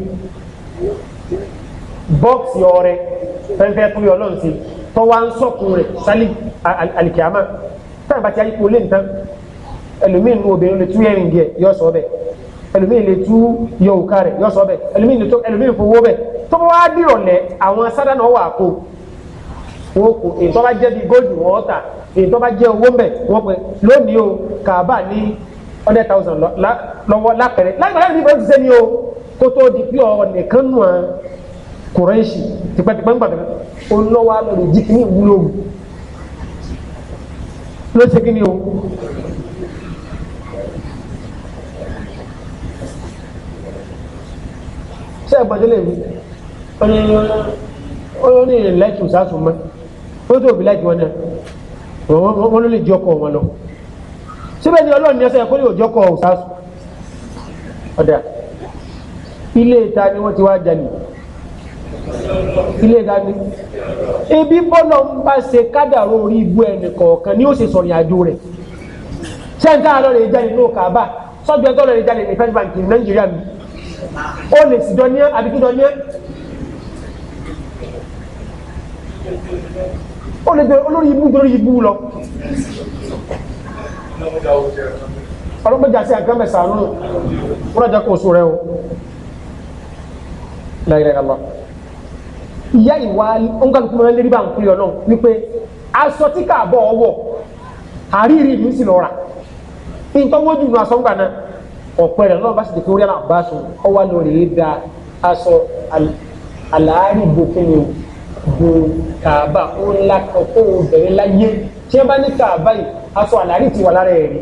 [SPEAKER 1] bọ́ọ̀sì ọrẹ fẹ́fẹ́ kúlẹ̀ ọlọ́run sí tọ́wá ń sọ̀kun rẹ̀ sálí alìkìámà táwọn bá ti ayé kó lé nǹkan ẹlòmíín nu obìnrin lè tú ẹ̀rìn díẹ̀ yọ sọ bẹ́ẹ̀ ẹlòmíín lè tú yọ òkà rẹ̀ yọ sọ bẹ́ẹ̀ ẹlòmíín lè tó ẹlòmíín fowó bẹ́ẹ̀ tó bá wá dìrọ̀lẹ́ àwọn sádà náà wà kó wọ́n kò èyí tó bá jẹ́ bíi góòlù wọ́n tà èyí tó bá jẹ́ owó mbẹ̀ wọ́n pẹ́ lónìí o kàbá ní hundred thousand lọ́wọ́ lápẹ̀rẹ̀ lápẹ̀rẹ̀ ní ìbọn ti sẹ́ni o kó di pé ọ̀ nù án kùrẹ́ṣì tipẹ́tipẹ́ngbàdàn olówó alọ́rẹ̀ jí kí ní ìwúlò ló ṣe kí ni o ṣe ìgbàjọ́lẹ̀ mi olórí rẹ̀ láìkì òsásùn mọ́ ó tó òbí láìkì wọn náà wọ́n ló lè jọkọ̀ wọn lọ síbẹ̀ ni ọlọ́run ní ẹsẹ̀ kó lè jọkọ̀ òsásùn ọ̀dà ilé ìta ni wọ́n ti wá jalè ilé dání ibi bọ́lọ̀ ń bá ṣe kádàrú orí ibú ẹnì kọ̀ọ̀kan ni ó ṣe sọ̀rìn àjò rẹ̀ ṣẹ́ńtà àlọ́ rẹ̀ jáde ní Kaaba sọ́jọ́ ẹ̀tọ́ rẹ̀ jáde ní first bank ní Nàìjíríà mi ó lè sì jọ ní àbíkí jọ ní ó lè jẹ olórí ibú olórí ibú lọ ọlọ́gbẹ́jà sí àgbẹ̀mẹ̀sà lónìí wọ́n rájà kó o sọ rẹ o láyé rẹ̀ kàlọ́ ìyá ìwà onkaluku máa ń lérí bá ń pè ọ náà wípé aṣọ tí kààbọ̀ ọwọ́ àríyìn mi sì lọ rà ntọ́wọ́jú nu aṣọ ńgbà náà ọ̀pẹ rẹ̀ lọ́wọ́ bá sì tẹ̀kẹ́ orí àwọn àbá aṣọ ọwọ́ àlọ́ rèé da aṣọ àlàárí bòkínì bo kààbà ó ńlá kó bẹ̀rẹ̀ láyé tí wọ́n bá ní kààbà yìí aṣọ àlàárí ti wà lára ẹ̀rí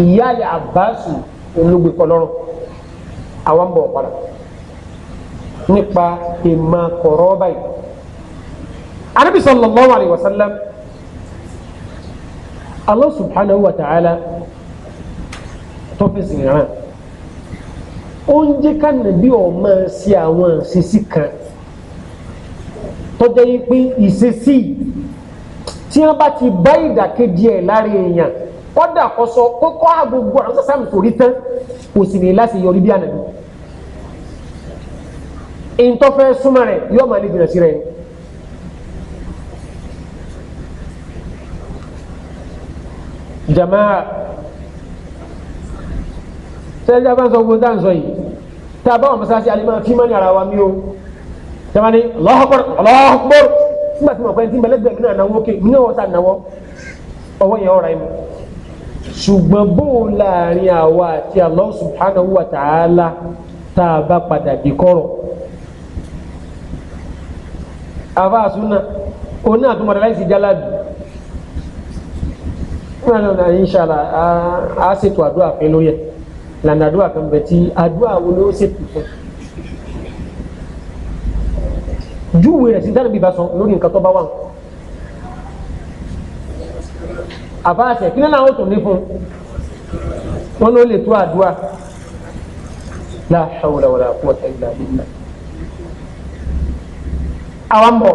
[SPEAKER 1] ìyá àbá aṣọ olóògbé kọlọ́rọ̀ àwọn bọ̀ padà nípa ìmọ̀ kọ̀rọ̀ báyìí anabi sallallahu alayhi wa sallam allah subhanahu wa ta'ala tó fi sìnrán ó ń jẹ́ ká nàbí ọmọ sí àwọn ìṣesí kan tọ́jà yìí pé ìṣesí tí wọ́n bá ti bá ìdàkejì ẹ̀ lára èèyàn kọ́dà kọ́sọ́ kókó àgbogbo àwọn sàmì sórí tán kò sì ní láti yọrí bí ànàbí ntɔfɛ sumare, rɛ yɔ maa ni jɛnɛsi rɛ jamaa sɛnɛ jaban sɔn ko tan sɔn yi taa bawa masasi alima fima ni ara wa mi o jamani lɔhɔkɔrɔ lɔhɔkɔrɔ nígbà tí mo kọ́ ẹni tí mo lẹ́gbẹ̀ẹ́ mi náà náwó ké mi náà wọ́n ta náwó ọwọ́ yẹn mu ṣùgbọ́n bó o láàrin àwa àti Allah subhanahu wa ta'ala tá a padà di kọ́rọ̀ àfa àsúná òun náà tó mọ̀tàlá ìsì jáládì wọn náà náà inṣàlá á ṣètò àdúrà fún lórí ẹ lànà àdúrà kan bẹ tí àdúrà wo ló ṣètò fún júwe rẹ̀ sí dáná bíbá sọ lórí nǹkan tó bá wà àfa àṣẹ kí náà ó tún ní fún wọn ló lè tó àdúrà la hawla wala quwwata illa billah àwa ń bọ̀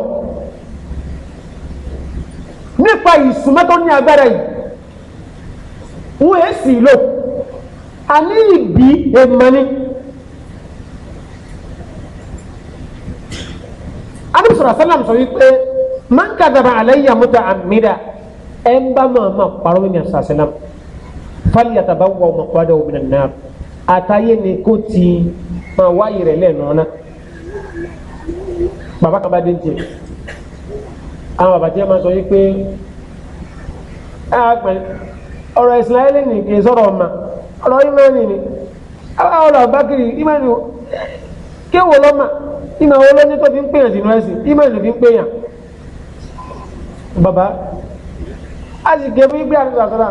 [SPEAKER 1] nípa ìsúnmọ́ tó ní agbára yìí wọ́n èé sì lò àní ìbí èèmọ̀ ni alùsùrọ̀ sálàm sọ wípé man kadaba alayya muta'ammida ẹ̀ ń bá màmá parọ́ mi ní àṣà sálàm falyatabawa maq'adahu minan nar àtàyè ni kò tí máa wáyé rẹ̀ lẹ́nu náà baba kan bá dé tiẹ̀ àwọn bàbá tiẹ̀ máa sọ yìí pé ọ̀rọ̀ ìsìláyẹ́lì ni kì í sọ̀rọ̀ ọ̀ma ọ̀rọ̀ ìmánì ni àwọn ọ̀rọ̀ àbákiri ìmánì kéwò lọ́mà ìmọ̀ àwọn olóyún tó fi ń pèyàn sínú ẹ̀sìn ìmánì ló fi ń pèyàn bàbá a sì gé fún ìgbéyàwó àtọ́lá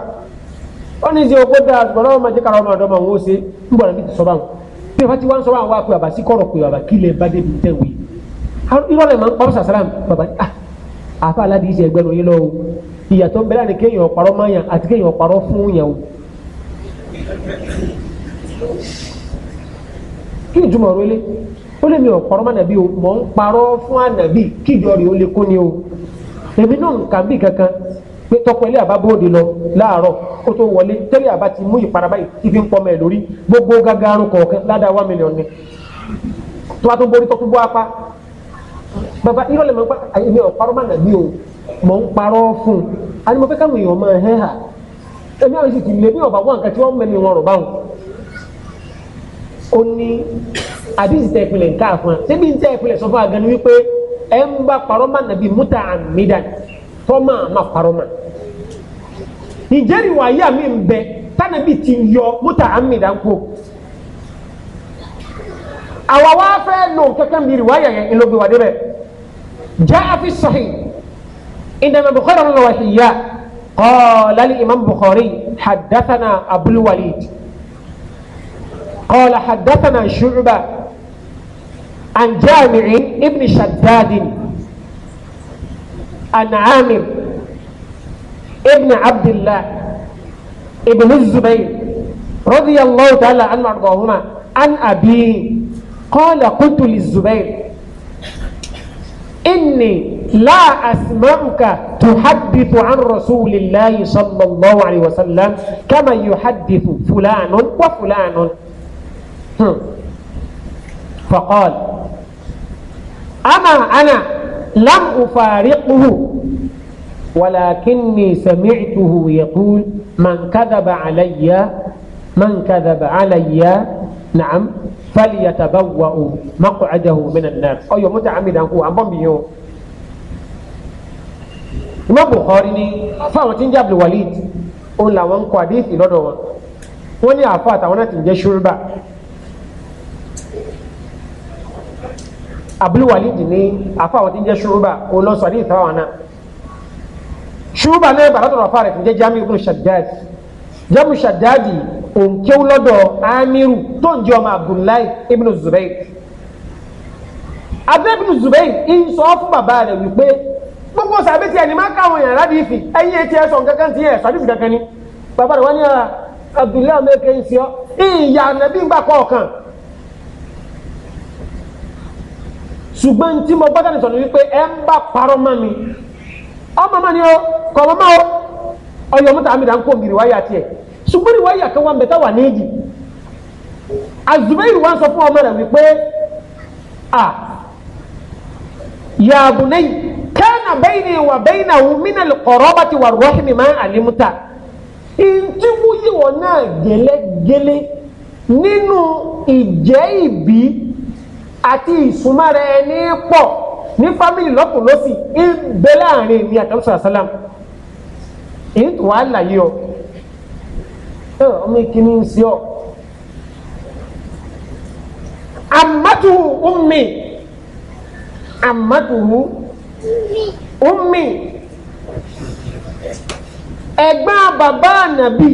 [SPEAKER 1] ó ní ṣe okó dáa ṣùgbọ́n náà máa jẹ́ kára ọmọ ọ̀dọ́ máa ń wó ṣe ń bọ̀ náà bí ti sọ báwọn bí wọ́n ti wá ń sọ báwọn wá pé bàbá sí pé bàbá lè bá débi tẹ̀wé irọ́ lẹ̀ máa ń parọ́ sàsàràm bàbá ni ah àfa aládìí ṣe ẹgbẹ́ lóyún lọ́wọ́ ìyàtọ̀ ń bẹ láàrin kéèyàn ọ̀parọ́ máyàn àti kéèyàn ọ̀parọ́ fún yàn o. kí ni jùmọ̀ rẹ́lẹ́ ó lé mi ọ̀parọ́ má nàbí o mọ̀ ń parọ́ fún ànàbí kíjọ rẹ̀ ó lè kó ni o èmi náà nǹkan bí kankan pé tọpẹ́lẹ́ àbábóde lọ láàárọ̀ kó tó wọlé tẹ́lẹ̀ àbá ti mú ìpara báyìí tí fi ń pọ́ mẹ́ẹ̀ lórí gbogbo gágarun kọ̀ọ̀kan ládàá one million ni tó bá tó borí tó tún bọ́ apá bàbá irọ́ lẹ́mọ̀ pa èmi ò parọ́ mànà bí o mọ̀ ń parọ́ fún un àni mo fẹ́ káwọn èèyàn máa hẹ́ hà èmi àwọn èsì kìlẹ̀ bí ọ̀bà wọn nǹkan tí wọ́n wọn rọ̀ báwọn. ó ní àdìsí tẹ ìpìlẹ̀ nǹkan àfọ̀n síbi tẹ ìpìlẹ̀ sọ fún agan ni wípé ẹ ń bá parọ́ mànà bí múta àmìdá tọ́mà má parọ́ mà. ìjẹ́rìí wàyà mi ń bẹ tánàbí ti yọ múta àmìdá kú àwa wá fẹ́ lò kẹ́kẹ́ mi rí wáyà yẹn ńlọgbẹ̀wá débẹ̀ جاء في الصحيح إنما بخير الوحياء قال الإمام بخاري حدثنا أبو الوليد قال حدثنا شعبة عن جامع ابن شداد عن عامر ابن عبد الله ابن الزبير رضي الله تعالى عنه وارضاهما عن أبيه قال قلت للزبير إني لا أسمعك تحدث عن رسول الله صلى الله عليه وسلم كما يحدث فلان وفلان فقال أما أنا لم أفارقه ولكني سمعته يقول من كذب علي من كذب علي نعم فليتبوأ مقعده من النار أو يوم متعمدا هو عم بميو Imam Bukhari ni fáwọn tí ń jẹ́ Abdul Walid òun làwọn ń kọ àdéhìí lọ́dọ̀ wọn wọ́n ní àfọ àtàwọn náà ti ń jẹ́ ṣúrúbà Abdul Walid ní àfọ àwọn tí ń jẹ́ ṣúrúbà òun lọ sọ àdéhìí táwọn náà ṣúrúbà náà bàtà tọrọ àfọ Jami ibn Shaddad Jami Shaddadi òǹkéw lọ́dọ̀ amiru tó ń jẹ́ ọmọ abdullahi ibn zubair abdullahi ibn zubair ń sọ fún bàbá rẹ̀ wípé gbogbo sàbí tí ẹni máa káwọn èèyàn láti ìfì ẹyin etí ẹsọ kankan ti ẹ kankan ni bàbá rẹ̀ wọ́n ní abdullahi amẹ́kẹ́ ń sọ ìyá ń gbà ṣùgbọ́n tí mo ni wípé ń bá parọ́ mọ́ mi ọmọ mọ́ ni ó kọ̀ mọ́ mọ́ ọyọ̀ ṣùgbọ́n ìwà ìyà kan wà ń bẹ táwà níyì azubairu wa sọ fún ọmọ rẹ̀ wípé a yaabu nẹ́yìn kana bayni wa baynahu min al-qarabati war-rahmi ma alimta ntí wúyí wọn náà gẹ́lẹ́gẹ́lẹ́ nínú ìjẹ́ ìbí àti ìsúnmọ́ra ẹni pọ̀ ní fámìlì lọ́kùnlọ́sì ń bẹ láàrin èmi àtàwọn sàlám èyí tó wàá láyé ẹ ọmọ ìkíní ń sí ọ amatuhu ummi amatuhu ummi ẹ̀gbọ́n bàbá ànàbì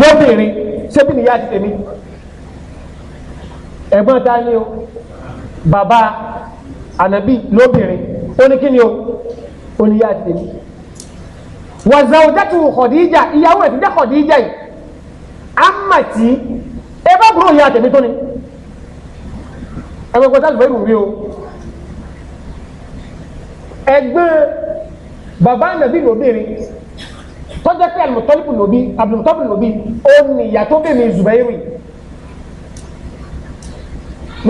[SPEAKER 1] lóbìnrin ṣébí nìyá ti tèmi ẹ̀gbọ́n ta ni o bàbá ànàbì lóbìnrin ó ní kí ni o ó ti tèmi wa zawjatu Khadija ìyàwó rẹ̀ ti jẹ́ Khadija yìí amati ẹ bá burú ìyá àtẹ̀mí tó ni ẹgbẹ́ gbọ́dọ̀ àgbẹ̀ rù rí o ẹgbẹ́ bàbá nàbí lóbìnrin tọ́jà pé àlùmọ̀tọ́lùpù lòbí àlùmọ̀tọ́lùpù lòbí òun ni ìyá tó bèèrè Zubairu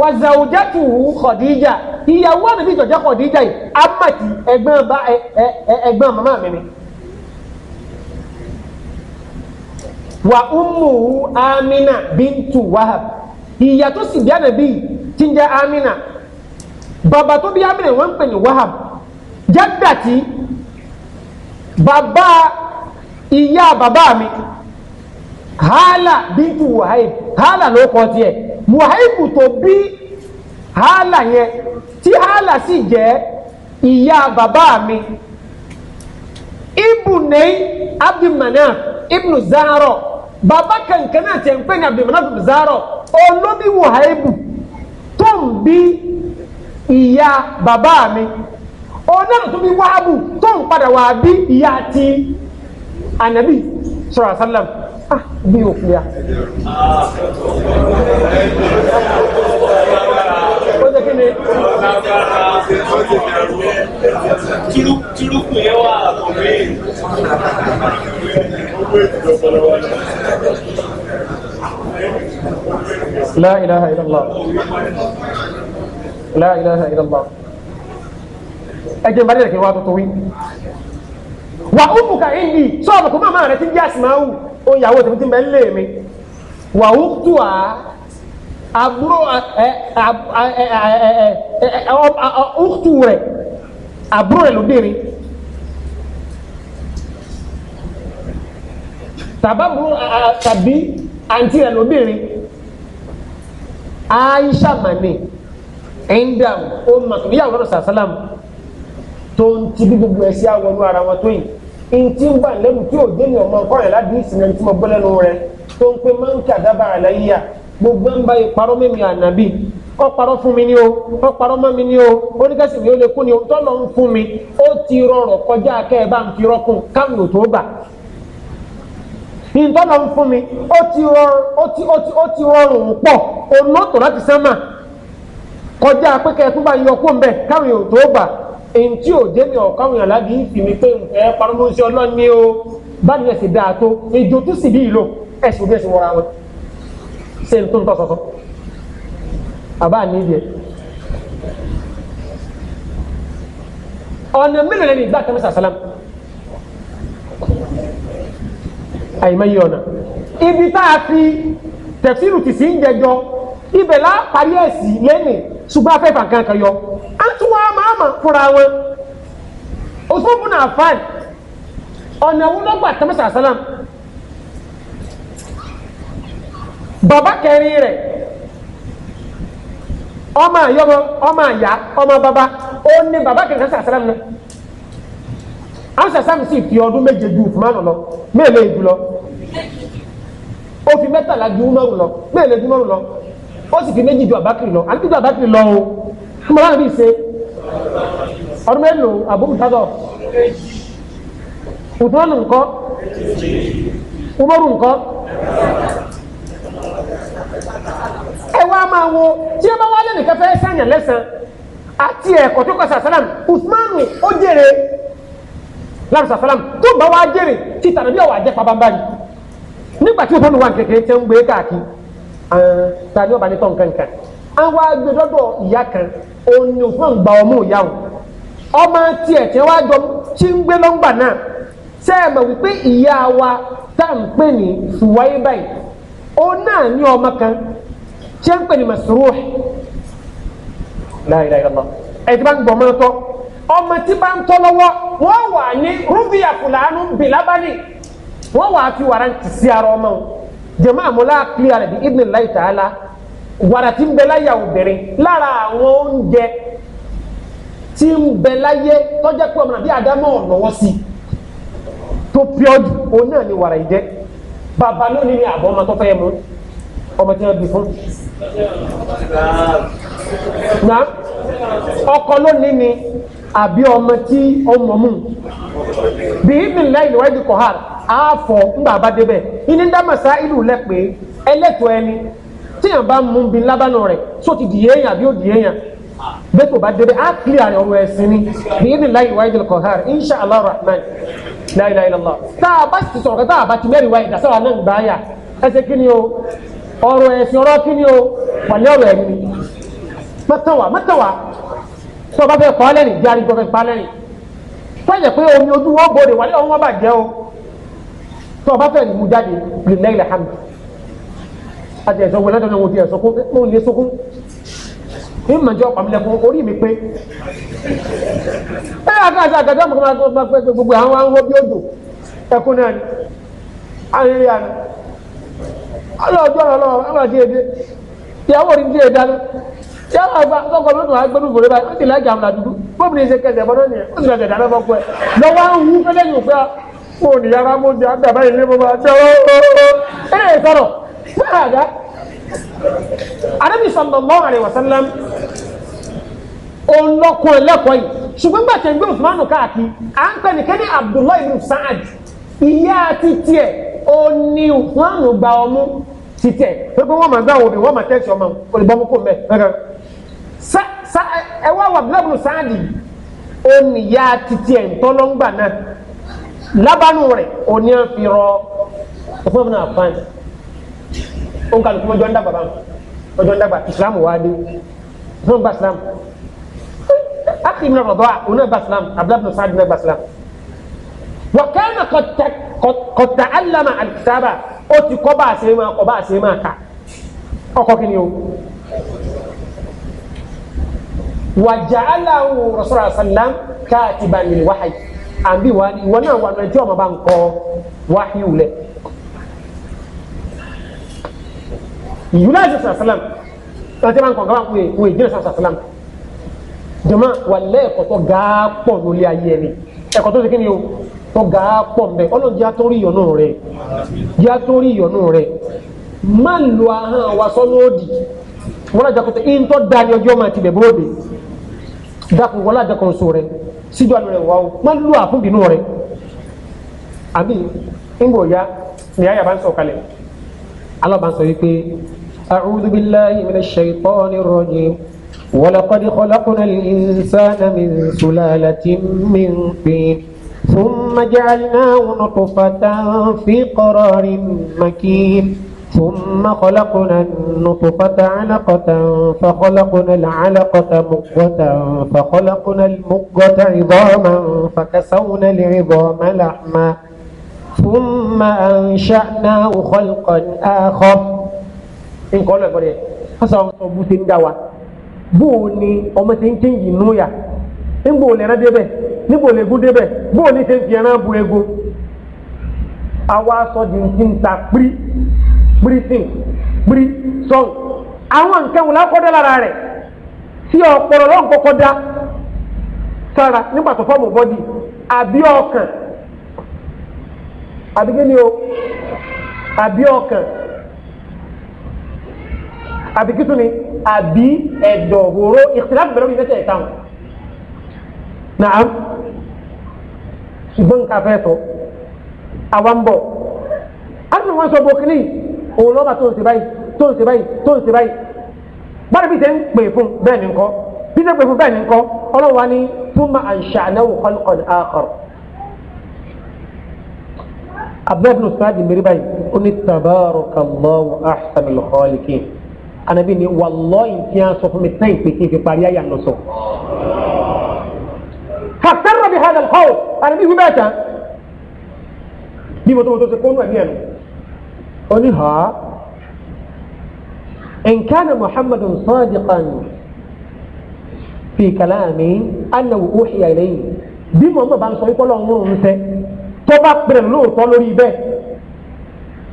[SPEAKER 1] wa zawjatuhu Khadija ìyàwó àbẹ̀bí ìjọ̀jẹ́ Khadija yìí amati ẹgbẹ́ mama mi ni. wa ummuhu amina bintu wahab ìyá tó sì bí anabi tí ń jẹ́ amina bàbá tó bí amina wọ́n ń pè ní wahab jadati bàbá ìyá bàbá mi hala bintu wahab hala ló kọ tiẹ̀ wahab tó bí hala yẹn tí hala sì jẹ́ ìyá bàbá mi ibùnẹ́ abdulmanaf ibnu zahra bàbá kankan náà tiẹ̀ ń pè ní abdulmanaf zaro olóbi wahaibu tó ń bí ìyá bàbá mi onáà tó bí wáhábù tó ń padà wá bí ìyá ti ànábì sọ̀rọ̀ àṣálàm ah bí òfin ya. ó
[SPEAKER 2] yẹn wà kò rí.
[SPEAKER 3] لا إله إلا الله
[SPEAKER 1] لا إله إلا الله ẹjẹ bá nílẹ̀ kí wọ́n tuntun wí. wà ó mú ka indi sọ́ọ̀bù kó máa rẹ̀ ti jẹ́ àsìmáwù ó yàwó tèmi ti bẹ̀ ń lé mi. wà ó tù á àbúrò àbúrò rẹ̀ àbúrò rẹ̀ lóbìnrin. tàbábùrú tàbí àǹtí rẹ̀ lóbìnrin aisha mani endam omatu níyàwó lọ́dọ̀ sàlám tó ń ti bí gbogbo ẹ̀ sí awọ́nú ara wọn tó yìí ntí ń bà lẹ́nu tí ò dénú ọmọ nǹkan rẹ̀ ládùú ìsìnkú tí mo gbọ́ lẹ́nu rẹ̀ tó ń pe mọ́ǹkì àdábàrà láyíyá gbogbo ń bá ìparọ́ mímì ànábì ó parọ́ fún mi ní o ó parọ́ mọ́ mi ní o oníkẹ́sì mi ò lè kú ni o tọ́lọ̀ ń fún mi ó ti rọrọ̀ kọjá akẹ́ ẹ̀ bá ń fi rọ́kùn káwọn ò tó gbà ìtọ́lọ̀ ń fún mi ó ti rọrùn pọ̀ olóòtò láti sánmà kọjá pé kẹ́ẹ̀kú bá yọ kó ń bẹ̀ káwọn èèyàn tó bà èyí tí ò jẹ́ mi ọ̀káwọn èèyàn lábí ìfì mi pé nǹkan paramọ́sí ọlọ́ni o bá ní ẹ̀sìn dáa tó ìjọ tó sì bí ìlò ẹ̀sìn ojú ẹ̀sìn wọra wọn ṣe ń tó ń tọ́ sọ́sọ́ àbá ní ìdíyẹ. ọ̀nà mélòó lẹ́nu ìgbà kan sàṣàlámù àìmọye ọ̀nà ibi tá a fi tẹ̀síìrù tì sí ń jẹjọ ibẹ̀ lá parí ẹ̀sì lẹ́nì ṣùgbọ́n afẹ́fà kankan yọ á tún wá máa mà fúnra wọn Usman bin Affan ọ̀nà wo lọ́gbà tẹ́mẹ́sà sálám bàbá kẹrin rẹ̀ ọmọ àyọ́mọ ọmọ àyà ọmọ bàbá ó ní bàbá kẹrin tẹ́mẹ́sà sálám náà àmísà sáàmì sì fi ọdún méje ju Usman lọ mẹ́ẹ̀lẹ́ ìdú lọ ó fi mẹ́tàlá ju Umaru lọ mẹ́ẹ̀lẹ́ ju Umaru lọ ó sì fi méjì ju Abakiri lọ àti ju Abakiri lọ o ọmọ náà bí ṣe ọdún mélòó àbúrúdádọ Usman nǹkan Umaru nǹkan ẹ wá máa wo tí ẹ bá wá lẹ́nu kẹfẹ́ sẹ́yìn lẹ́sàn àti ẹ̀kọ́ tó kọ sàṣàlám Usman ó jèrè lábìsà sálám tó bá wá jèrè tí tàbí ọwọ́ àjẹpá bámbá yìí nígbà tí òfin wa kékeré tẹ́ ń gbé káàkiri ta ni ọba ní tọ́ nǹkan kan àwọn agbẹdọ́dọ̀ ìyá kan òun ni òfin gba ọmú ìyá o ọmọ tiẹ̀ tí wọ́n jọ tí ń gbé lọ́ngbà náà ṣé ẹ mọ̀ wípé ìyá wa tá à ń pè ní ṣùwáyé báyìí òun náà ní ọmọ kan tí ń pè ní màsúrù láìláìlá ẹ̀ tí bá gbọ́ mọ́tọ́ ọmọ tí bá ń tọ́ lọ́wọ́ wọ́n wà ní rúbíà fúlàánú bìlábánì wọ́n wà á fi wàrà ti sí ara ọmọ o jẹ̀mọ́ àmúlá kílíà rẹ̀ bí ibn láì tààlà wàrà tí ń bẹ láyà obìnrin lára àwọn oúnjẹ tí ń bẹ láyé tọ́jà pé ọmọ nàbí àdámọ́ ọ̀nàwọ́ sí tó píọ́dù òun náà ni wàrà yìí jẹ́ bàbá lónìí ni àbọ̀ ọmọ tó fẹ́ mu ọmọ tí wọ́n bí fún na ọkọ lónìí ni àbí ọmọ tí ọmọ mú bí ibn láì lọ́wọ́ kọ̀hár àáfọ̀ ńgbà bá ìní dámàsá ìlú lẹ́pẹ́ ẹlẹ́tọ̀ọ́ ẹni tíyàn bá mú bí rẹ̀ só ti dìé èèyàn àbí ó dìé èèyàn bẹ́ẹ̀ tó bá débẹ̀ á kílì àrẹ ọ̀rọ̀ ẹ̀sìn ni bí ibn láì lọ́wọ́ kọ̀hár insha allah rahman tá a bá ti sọ̀rọ̀ tá a bá ti mẹ́rin o ọ̀rọ̀ ẹ̀sìn ọ̀rọ̀ kí ni o pẹ̀lú ọ̀rọ̀ ẹ̀mí mọ́tàwá mọ́tàwá tó o bá fẹ́ pa lẹ́rìn járe gbọ́ fẹ́ pa lẹ́rìn fẹ́yẹ̀ pé omi ojú wọn bòde wà lẹ́wọ̀n wọn bà jẹ́ o tó o bá fẹ́ mú jáde lè lẹ́yìn lẹ́hàmì àti ẹ̀sọ́ wọlé lọ́dọ̀ náà wọ́n ti ẹ̀sọ́ kó mo lè sókún ní mọ̀jọ́ pàmílẹ̀kùn orí mi pé ẹ àkàtà àkàtà mọ̀kànlá gbogbo àwọn ohun bí ó dùn ẹkún náà ni àrírí àná ọlọ́ọ̀dún ọ̀rọ̀ lọ́wọ́ àwọn àti èdè ìyàwó rí ti èdè àná tí àwọn àgbà tọkọ mi tún agbẹnu fòrè báyìí wọn ti lájà àmàlà dúdú bóbi ní ṣe kẹsẹ̀ bọ́dọ̀ nìyẹn wọn ti lọ gẹ̀dá náà fọ́kọ ẹ̀ lọ́wọ́ ń wú pẹ́lẹ́ yóò fẹ́ mo nìyára mo di àgbàbá ilé mo máa tẹ́ ọ́ ẹ̀ ẹ̀ sọ̀rọ̀ fẹ́rẹ̀ àgá arábì sallallahu alaihi wasallam ọlọ́kùn yìí ṣùgbọ́n gbà tẹ̀ gbé Usmanu káàkiri à ń pẹ́ nìkẹ́ ní Abdullahi ibn Sa'ad ìyá ti tiẹ̀ ó ní wọ́n àrùn gba ọmú títẹ̀ pé pé wọ́n máa gbá àwọn obìnrin wọ́n máa tẹ́sí ọmọ kò lè bọ́ ọmú kò mẹ́ ẹ wá wà bílẹ̀bùnú sáàdì ó nìyá títí ẹ̀ ń tọ́lọ́ngbà náà lábánú rẹ̀ ó ní à ń fi rọ ọ̀fun ọ̀fun náà fáìn ó ń kàlùkù ọjọ́ ń dàgbà báwọn ọjọ́ ń dàgbà ìsìlámù wá dé ọ̀fun ọ̀gbà ìsìlámù ákìmí náà rọ̀ bá òun náà gbà ìsìlámù àbúlá wakana kọta alama alikitaba ó ti kọ́ bá a ṣe máa kọ́ bá a ṣe máa kà ọkọ kí ni o. wàjà aláwo rasulà sallam káàtì bá nílẹ̀ wáhàyí àbí wọn náà wà lóyún tí wọn bá ń kọ wáhàyí wulẹ̀. ìyúlá ìṣẹ̀ṣẹ̀ sàlám ẹ̀ tí wọn kọ̀ gáwá kúwe kúwe ìdílé ìṣẹ̀ṣẹ̀ sàlám jama wàlẹ́ ẹ̀kọ́ tó gáà pọ̀ lórí ayé ti kí o ọgá pọ̀ mbẹ́ ọlọ́run jẹ́ àtọ́rí ìyọ̀nù rẹ̀ jẹ́ àtọ́rí ìyọ̀nù rẹ̀ má lo ahọ́n wa sọ́nù òdì wọ́n àjọ kọ́tà ẹ̀yìn tó da ni ọjọ́ máa ti bẹ̀ bóde dàpọ̀ wọ́n àjọ kan so rẹ̀ síjú àlọ́ rẹ̀ wá o má lo àfúnbínú rẹ̀ àbí ńgbò ya ni àyà bá kalẹ̀ Allah yìí pé a'udhu billahi minash shaitani rrajim. ولقد خلقنا الإنسان من سلالة من طين ثم جعلناه نطفة في قرار مكين ثم خلقنا النطفة علقة فخلقنا العلقة مضغة فخلقنا المضغة عظاما فكسونا العظام لحما ثم أنشأناه خلقا آخر إن قلنا قلنا أصلا بوتين دوا بوني أمتين تنجي نويا ńgbò lè rán débẹ̀ nígbò lè gún débẹ̀ bóò ní ṣe ń fi ẹran bu ego àwa sọ di ti ń ta pírí pírí sìn pírí sọ́n àwọn nǹkan wò lákọ́dá lára rẹ̀ tí ọ̀pọ̀lọ́ lọ́n kọ́kọ́ dá sára nígbà tó fọ́ọ̀mù bọ́dì àbí ọkàn àbí kí ni o àbí ọkàn àbí kí Abi ni àbí ẹ̀dọ̀ òró ìtìláàbù bẹ̀rẹ̀ mi mẹ́tẹ̀ẹ̀ta wọn naam ṣùgbọ́n nǹkan afẹ́ sọ àwa ń bọ̀ a ti wọn sọ bòkìlì òun lọ́ba tó ń ṣe báyìí tó ń ṣe báyìí tó ń ṣe báyìí bára bí ṣe ń pè fún bẹ́ẹ̀ ni nkọ́ bí ṣe ń pè fún bẹ́ẹ̀ ni nkọ́ ọlọ́wà ni túmọ̀ àǹṣàánáwó kọ́lùkọ́lù àkọ́rọ̀ abdullahi bin sadi báyìí ó ní tabarakallahu ahsanul khaliqin anabi ni wallahi fàtẹ́rọ̀ بهذا الخوف àlùkò àti bíbí bẹ́ẹ̀ tán bí mo tó mo tó ṣe kónú ẹ̀mí ẹ̀nu ó ní hà in kana muhammadun sadiqan fi kalami annahu uhiya ilayhi bí mo mọ̀ bá ń sọ wípé ọlọ́run ń sẹ́ tó bá pèrè lóòótọ́ lórí bẹ́ẹ̀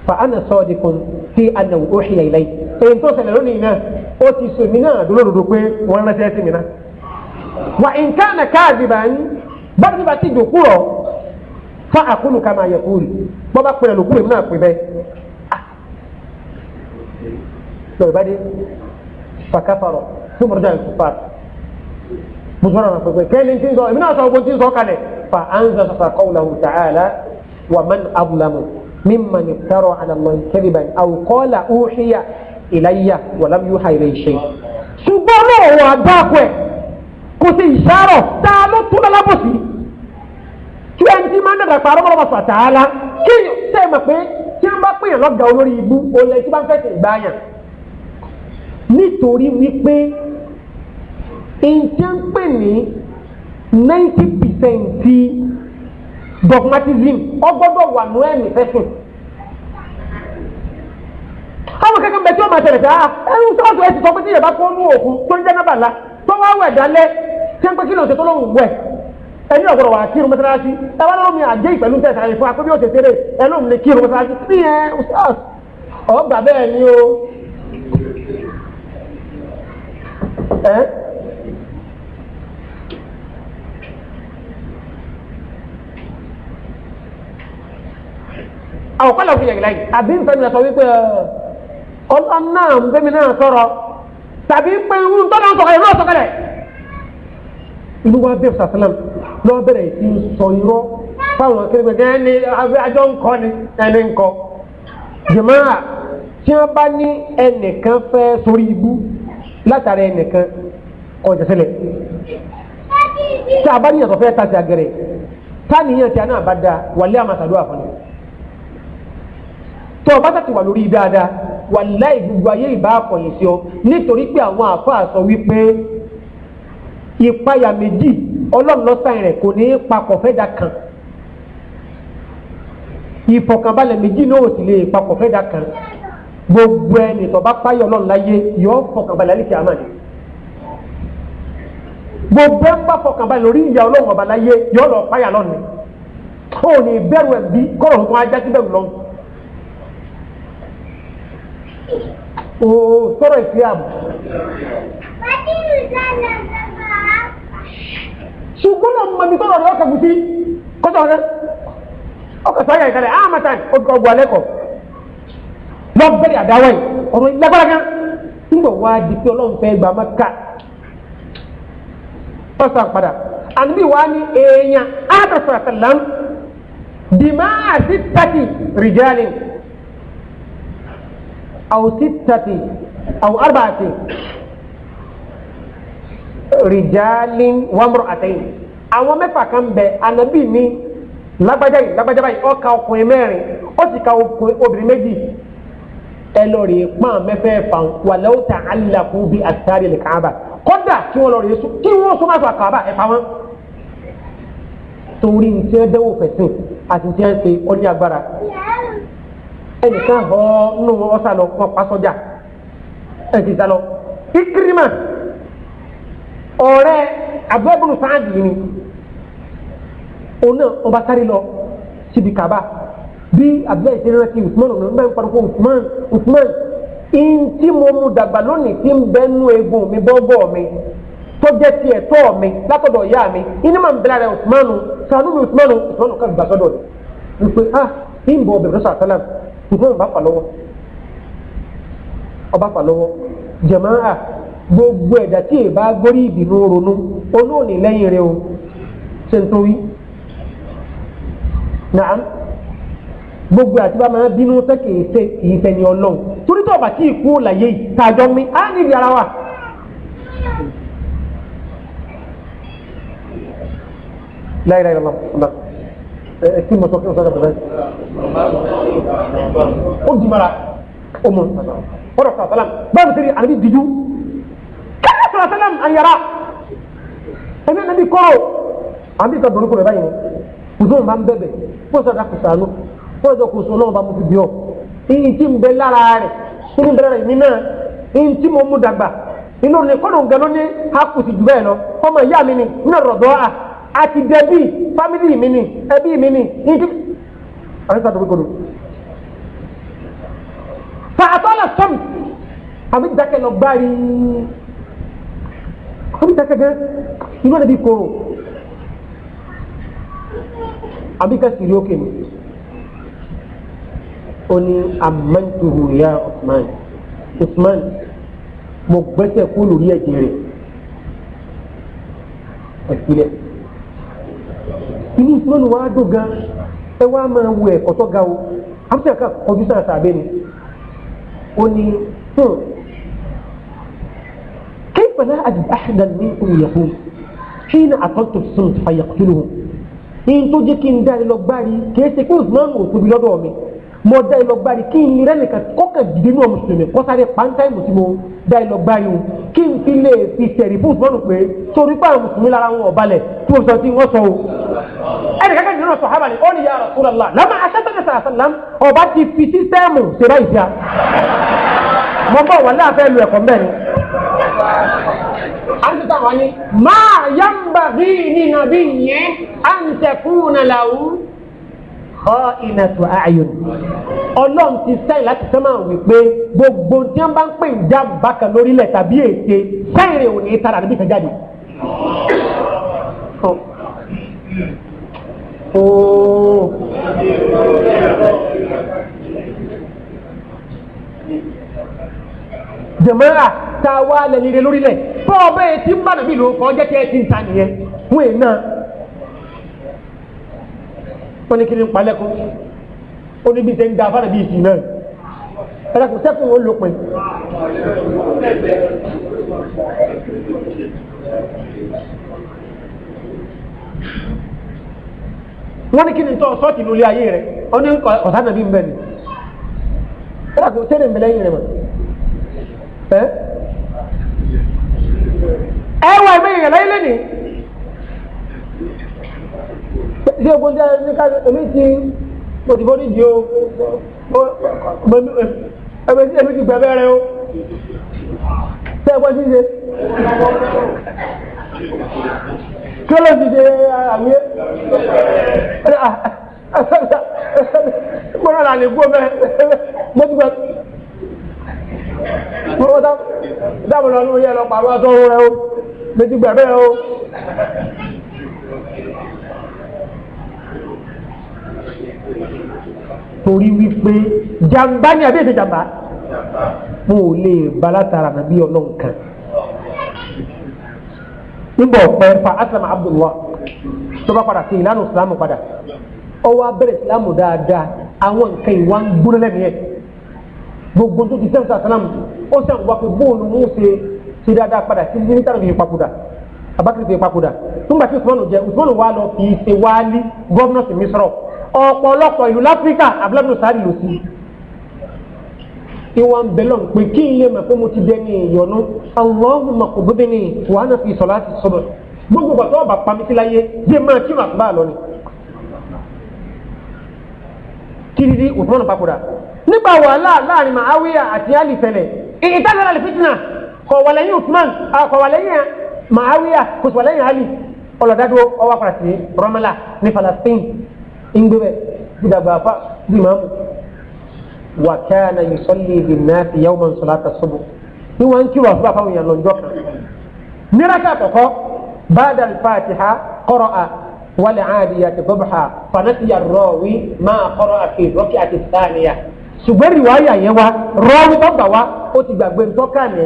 [SPEAKER 1] fa ana sadiqun fi annahu uhiya ilayhi èyí tó ṣẹlẹ̀ lónìí náà ó ti sèmi náà dúró dòdò pé wọ́n ránṣẹ́ sí mi náà wa in kana kadhiban báwo ni bá ti dòkú rọ fa aqulu kama yaqulu bọ́ bá pèrè lòkú èmi náà pè bẹ́ẹ̀ lọ ìbádé fàkàfàrọ̀ tó mọ̀rọ̀ jáde fà bùsùnmọ̀rọ̀ náà pẹ̀pẹ̀ kẹ́lí ti ń sọ èmi náà sọ ogun ti ń sọ kalẹ̀ fa anza fa qawlahu ta'ala wa man ablamu mimman iftara ala Allahi kadhiban aw qala uhiya ilayya wa lam yuha ilayhi shay ṣùgbọ́n náà wà dákọ̀ ẹ̀ kò sí ìṣàrọ̀ tá a ló tún lálábòsí kí ẹni tí máa ń dàgbà pàrọ̀ mọ́lọ́mọ́ sàtàlá kí tẹ́ ẹ mọ̀ pé tí wọ́n bá pèèyàn lọ́gàá olórí ibú olè tí wọ́n fẹ́ tẹ̀ gbá yàn nítorí wípé ìjẹ́ pè ní ninety percent dogmatism ọgbọ́dọ̀ wà nù ẹ̀mí fẹ́sìn àwọn kankan bẹ tí wọ́n máa tẹ̀lé sáà ẹ̀rù sọ́ọ̀tù ẹ̀ ti sọ pé tí yẹ̀bá kó nú òkun tó ń jẹ́ nábàlá tó wá wẹ̀ dálẹ́ tẹ́ńpẹ́ kí ló ń ṣe tó lóhùn wẹ̀ ẹni ọ̀gbọ̀rọ̀ wà kírun mọ́sálásí tábà lọ́rọ̀ mi àjẹ́ ìpẹ̀lú tẹ̀ sàrẹ̀ fún akọ́bí òṣèṣe rẹ̀ ẹlòmí lè kírun mọ́sálásí sí ẹ ọgbà bẹ́ẹ̀ ni o. àwọn kọ́lá òfin yàgìlá yìí àbí nfẹ̀mí náà sọ wípé ọlọ́ọ̀ náà nfẹ̀mí náà sọ̀rọ̀ tàbí pé ń tọ́lá ń sọ̀kalẹ̀ ń náà sọ̀kalẹ̀ ló wá bẹ̀rẹ̀ sàtàlám ló bẹ̀rẹ̀ sí sọ irọ́ fáwọn akérègbè ẹni àjọ ńkọ ni ẹni ńkọ jàmáà tí wọ́n bá ní ẹnìkan fẹ́ sórí ibú látara ẹnìkan kọjá sílẹ̀ tí a bá níyàn tó fẹ́ tàṣà gẹ̀rẹ̀ táníyàn tí a náà bá da wàlẹ́ àmàṣàdó àfọ̀nà tó o bá tàti wà lórí dáadáa wàlẹ́ ìgbùgbù ayé ìbá àkọ̀yìn sí ọ nítorí pé àwọn àfáà sọ wípé ìpayà méjì ọlọ́run lọ́sàn rẹ̀ kò ní í papọ̀ fẹ́dà kan ìfọ̀kànbalẹ̀ méjì náà ò sì lè papọ̀ fẹ́dà kan gbogbo ẹni tó bá páyọ̀ ọlọ́run láyé yọ fọ̀kànbalẹ̀ àlìkè àmà ni gbogbo ẹ̀ ń bá fọ̀kànbalẹ̀ lórí ìyá ọlọ́run ọba láyé yọ lọ páyà lọ́nu ó ní bẹ̀rù ẹ̀ bí kọ́rọ̀ tó ajá sí bẹ̀rù lọ́nu. o sọ̀rọ̀ ìfẹ́ àbọ̀ ṣùgbọ́n náà mọ̀ mi tọ́lọ̀ rẹ̀ ọkọ̀ gùsí kọ́tọ̀ rẹ̀ ọkọ̀ sáyà ìkàlẹ̀ àmàtà ọgbọ̀ alẹ́kọ̀ lọ bẹ̀rẹ̀ àdáwà yìí ọ̀rọ̀ lágbára kan nígbà wá di pé ọlọ́run fẹ́ gba mẹ́ka ọ̀sán padà àdúgbò wa ní èèyàn àtàtà sàlám dìmá àti tàtì rìjálìn àwọn sí tàtì àwọn àrùbà àti rìjálín wàmúrò àtẹ̀yìn àwọn mẹ́fà kan bẹ anabi ni lágbájá yìí lágbájá báyìí ó ka ọkùnrin mẹ́rin ó sì ka obìnrin méjì ẹ lọ rèé pọ́n mẹ́fẹ́ fan wàlẹ́ ó ta alákú bí àtàrí lè kàába kódà kí wọ́n lọ rèé sùn kí wọ́n sọ má sọ àkàába ẹ̀ fa wọn. torí ntí ẹ dẹ́wọ́ fẹ̀sìn àti ntí ẹ ṣe ó ní agbára ẹnìkan họ nù ọ̀sà lọ kọ́ pásọ́jà ẹ̀ ti sá lọ Ikirima. ọ̀rẹ́ abẹ́bùnú sáàdì ni òun náà ọba sáré lọ síbi kaba bí abdullahi ṣe rántí usman ọ̀nà ń ń parọ́ usman usman in tí mo mu dàgbà lónìí tí ń bẹ́nu egun mi bọ́gọ́ mi tó jẹ́ tiẹ̀ tọ́ mi látọ̀dọ̀ mi ń usman sanu mi usman usman gbà sọ́dọ̀ rẹ̀ ah gbogbo ẹ̀dá tí ì bá gbórí ìbínú ronú olóòní lẹ́yìn rẹ o ṣe ń tó wí. nàám gbogbo àti bá máa bínú tẹ́ kì í ṣe kì í ṣẹni ọlọ́run torí tó bá tí ì kú òlàyé yìí tàjọ mi á nídìí ara wa. láyé láyé lọ́wọ́ ẹ kí mo sọ kí mo sọ ọ́ dàbẹ̀rẹ̀. ó di mara ó mọ̀ ọ́ dọ̀ sọ̀rọ̀ sọ̀rọ̀ báwo ṣe rí àdébí díjú kẹ́lẹ́ sọ̀rọ̀ sẹ́lẹ̀ àyàrá ẹ̀mí nàbí kọ́ ọ́ àbí ìta dọ̀nukú rẹ̀ báyìí kùsùn bá ń bẹ̀bẹ̀ pọ̀sọ̀ dà kùsànù pọ̀sọ̀ kùsùn náà bá mú fi bí ọ́ iye tí ń bẹ lára rẹ̀ tó ń bẹ̀rẹ̀ rẹ̀ nínú iye tí mo mú dàgbà inú ni kọ́nù gẹ́nu ní hakusi jù bẹ́ẹ̀ lọ ọmọ ìyá mi ni nínú rọ̀dọ́ à àti dẹbí fámìlì mi ni ẹbí mi ni iye tí. àwọn ìta dọ̀nukú rẹ̀ fàtọ́lá sọ́mi àbí dákẹ́ lọ gbárí an bɛ taa kɛ i b'a dɔn bi koro an b'i ka siri o kɛ ni o ni a man tuuru ya usman usman mo gbẹ́sẹ̀ kó lórí ẹ̀jẹ̀ rẹ̀ ẹ̀sìlẹ̀ inú usman wa dùn gan ẹ wá máa wo ẹ̀kọ́ tó ga o àbúṣe àká kọjú sáà sàbẹ̀ ni كيف لا أجد أحدا منهم يقوم حين أقلت الصمت فيقتله إن tó jẹ́ kí n dá ìlọgbárí kìí ṣe kí usman ò tóbi lọ́dọ̀ mi mo dá ìlọgbárí kí n rẹ́ nìkan kọ́kàn dìde ní ọmọ sùnmi kọ́sáré pàǹtà ìmọ̀ tí mo dá ìlọgbárí o kí n fi lè fi tẹ̀rí fún usman pé torí pé àwọn mùsùlùmí lára wọn ọ̀balẹ̀ tí mo sọ tí wọ́n o. ẹnì kankan nínú ọ̀sán hábàlẹ̀ ó ní ya Rasulullah lámà aṣẹ́sẹ́sẹ́ àṣàlám ọba ti fi sísẹ́ẹ̀mù ṣe báyìí wọn ni máa yánbà bí nínà bí yẹn à ń tẹkùn làwù kọ́ iná tó ààyò ni ọlọ́run ti sẹ́yìn láti sẹ́mà wípé gbogbo tí wọ́n bá ń pè ń já bákan lórílẹ̀ tàbí ète sẹ́yìn rẹ̀ ò ní tara níbi kan jáde ooo. jẹ̀mọ́ra tá a wá lẹ́ni rẹ lórílẹ̀ bọ́ọ̀ bẹ́ẹ̀ tí ń bá nàbí ló kọ́ jẹ́ tẹ́ẹ̀ tí ń ta nìyẹn wọ́n èèyàn náà wọ́n ní kí ni ń palẹ́kùn da afárá bíi ìsìn náà ẹlẹ́kùn sẹ́kùn ó lópin. wọ́n ní kí ni tọ́ sọ́ọ̀tì lórí ayé rẹ̀ ó ní kọ̀sánà bíi ń bẹ̀ ni tẹ́lẹ̀ ń bẹ̀ lẹ́yìn rẹ̀ ẹ wọ ẹ̀mí ìyẹn láyé lẹ́nìí ṣé o gbọ́dọ̀ ní ká èmi ti mo ti bọ́ nídìí o ẹ̀mí ti èmi ti gbẹ̀bẹ̀ rẹ o ṣé ẹ gbọ́ sí ṣe kí ló ti ṣe àmì ẹ mo rà lálẹ́ gbọ́ bẹ́ẹ̀ mo ti gbà owó dábò lọ nínú yẹ lọ pàrọ̀ àtọ́ owó rẹ o létí gbẹ̀bẹ̀ o.
[SPEAKER 3] torí wípé
[SPEAKER 1] jàǹbá ni àbí èdè jàǹbá mo ò lè ba látara nàbí ọlọ́run kan nígbà ọ̀pẹ fa asalama abdullah tó bá padà sí ìlànà ìsìlámù padà ọwọ́ abẹ́rẹ́ ìsìlámù dáadáa àwọn nǹkan ìwà ń gbóná lẹ́nu yẹn gbogbo tó ti sẹ́yìn sọ àsálàmù ó sẹ́yìn wá pé bóòlù mú ṣe ṣe dáadáa padà sí ní tàbí ìpapòdà abakiri fi papòdà nígbà tí usman jẹ usman wà lọ kì í ṣe wáálí gọ́vnà sí misrọ ọ̀pọ̀lọpọ̀ ìlú láfíríkà abúlábùdó sáà lò sí ìwà ń bẹ̀lọ̀ pé kí n lè mọ̀ pé mo ti dẹni ìyọ̀nú Allahumma kò gbé ní wàhánà fi sọ̀ láti sọ̀rọ̀ gbogbo bàtọ́ ọba pami láyé dé máa kí màá bá a lọ ni. títí nígbà wàhálà láàrin màáwíyà àti ali tẹ̀lẹ̀ ìtàlẹ̀ ali fitna kọ̀ wà lẹ́yìn usman kọ̀ wà lẹ́yìn màáwíyà kò sì wà lẹ́yìn ali ọlọ́dádó ọwọ́ padà sí rọmọlá ní falastin ìgbébẹ̀ ìdàgbà fa bí màá mu wà kana yusalli bin nasi yawman salata subu ní wọ́n ń kí wàá fún àfáwọn èèyàn lọ́jọ́ kan níraka àkọ́kọ́ ba'da al-fatiha qara'a wal 'adiyati dhabha fanasiya ar-rawi ma qara'a fi ar-rak'ati ath-thaniya ṣùgbọ́n rìwáyà yẹn wa rọ́ọ̀rù bàbà wa ó ti gbàgbé ntọ́ka ní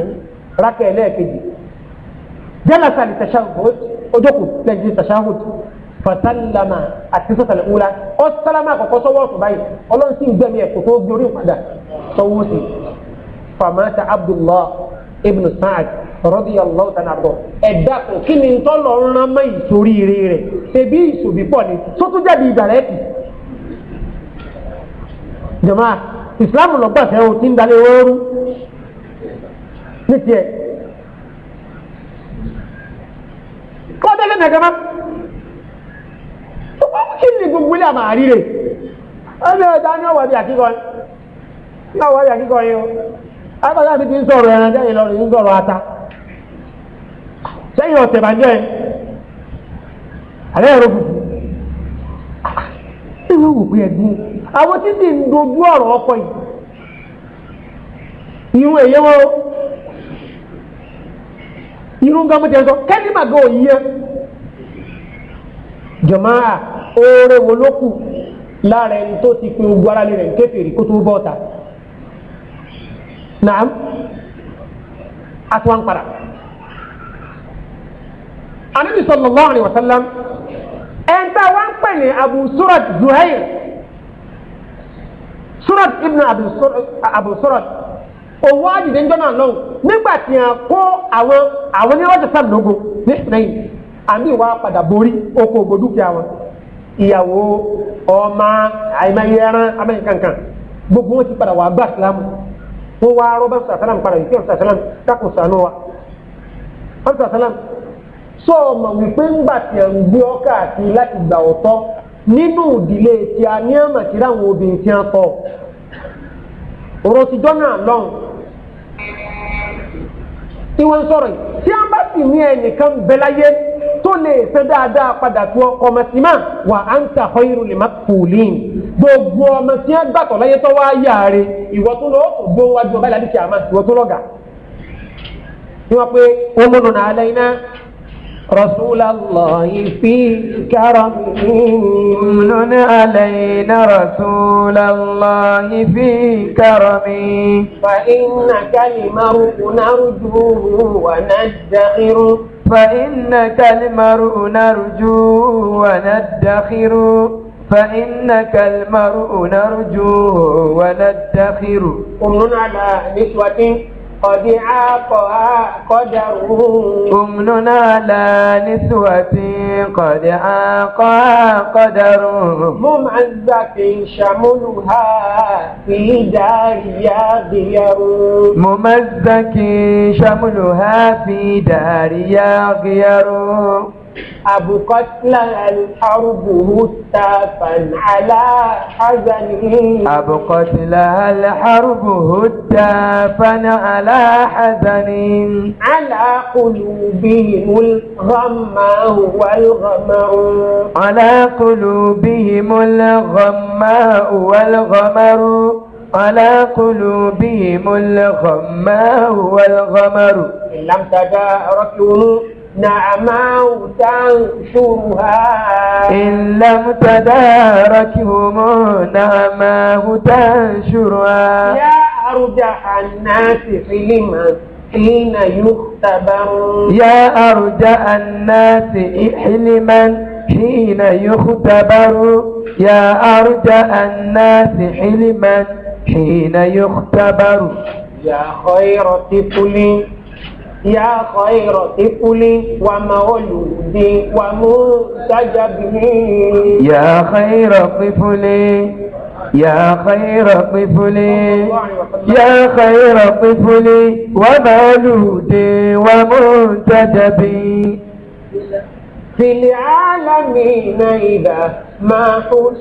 [SPEAKER 1] rákẹ́ ẹlẹ́ẹ̀kejì jẹ́lẹ̀sà lè tashahhud ojókù tẹ̀sí tashahhud fasalama àti sọ́sàlẹ̀ ńlá ọ sálámà àkọ́kọ́ sọ́wọ́ ọ̀tún báyìí ọlọ́run sì ń gbẹ̀mí ẹ̀kọ́ tó gbé orí ìpadà sọ́wọ́ sí famata abdullah ibn sa'ad radiyallahu ta'ala anhu ẹ̀dá kò kí ni ntọ́lọ̀ ńlá mọ́ ìsorí rẹ̀ ṣebí ìṣòbí pọ̀ ni tó jáde ìgbà rẹ̀ kì ìsìláàmù lọ́gbàfẹ́ o ti ń dalẹ̀ ooru ní tiẹ̀ kọ́ dẹ́lẹ̀ nàgàmá kí ni gbogbo ilé àmà àríre ẹni ẹ̀dá ní ọ̀wọ̀ bí àkíkọ́ ní ọ̀wọ̀ bí àkíkọ́ yìí o abájá mi ti ń sọ̀rọ̀ ẹran jẹ́ ìlọrin ń sọ̀rọ̀ ata sẹ́yìn ọ̀tẹ̀ bàjẹ́ àlẹ́ ẹ̀rọ fùfú ló wù pé ẹ̀gbọ́n àwọn tí sì ń dojú ọ̀rọ̀ ọkọ yìí irun èyí wọn o irun gan mo jẹ sọ kẹ́ni màgá òyìn yẹn jọ̀máà oore wo ló kù lára ẹni tó ti pin ogun ara rẹ̀ ń kéferì kó tó bọ́ ọ̀tà náà àti padà anabi sallallahu alaihi wasallam ẹ̀ńtà wọn pè ní abu surat zuhair surat ibn abu surat òwò àjèjì ńjọ náà lọ́wọ́ nígbà tí a kó àwọn àwọn onírọ́jà sáà lógo ní ìsìnlẹ́yìn àmì ìwà padà borí oko ògbó dúkìá wọn ìyàwó ọmọ àìmáyé ẹran amẹ́yìnkankan gbogbo wọn ti padà wà gbà sílámù wọn wá rọ́bà sàlámù padà yìí kí ọ̀sà sàlámù kákò sànú wa ọ̀sà sàlámù. So ọmọ wípé ńgbà tí ẹ̀ ń gbé ọ káàkiri láti gbà ọ̀tọ́ nínú ìdílé tí a ní àmà tí ráwọn obìnrin tí a tọ̀ ọ̀rọ̀ ti jọ́nà lọ́hùn tí wọ́n ń sọ̀rọ̀ yìí tí a bá sì ní ẹnìkan bẹ́láyé tó lè fẹ́ dáadáa padà tó ọmọ sí máa wà á ń ta ọyìnrún lè má kùlín gbogbo ọmọ tí a gbàtọ̀ láyé tó wá yà rè ìwọ tó lọ ògbó wájú ọba ìlànà ìṣàmà ìwọ tó lọ́gà. wọ́n pe olóńgbò náà lẹ́yìn náà. رسول الله في كرم من علينا رسول الله في كرم فإنك المرء نرجوه
[SPEAKER 4] وندخر فإنك المرء نرجوه وندخر فإنك المرء نرجوه وندخر أمن على نسوة قد عاقها
[SPEAKER 1] قدرهم
[SPEAKER 4] أمننا لا نسوة قد عاقها
[SPEAKER 1] قدرهم ممزة شملها في داريا غير ممزة شملها في داريا غير أبقت لها الحرب هتافا على حزنه أبقت لها الحرب هتافا على حزنه على
[SPEAKER 4] قلوبهم الغماء
[SPEAKER 1] والغمر
[SPEAKER 4] على قلوبهم الغماء والغمر على قلوبهم الغماء والغمر إن لم تداركوا نعماء تنشرها إن لم تداركهم نعماء تنشرها
[SPEAKER 2] يا
[SPEAKER 1] أرجح الناس
[SPEAKER 2] حلما حين يختبر
[SPEAKER 4] يا أرجح الناس حلما حين يختبر يا أرجح الناس حلما حين
[SPEAKER 1] يختبر يا خير طفل يا خير طفل ومولود ومنتجب
[SPEAKER 4] يا خير طفل يا خير طفل يا خير طفل ومولود ومنتجب
[SPEAKER 1] في العالمين إذا ما حصل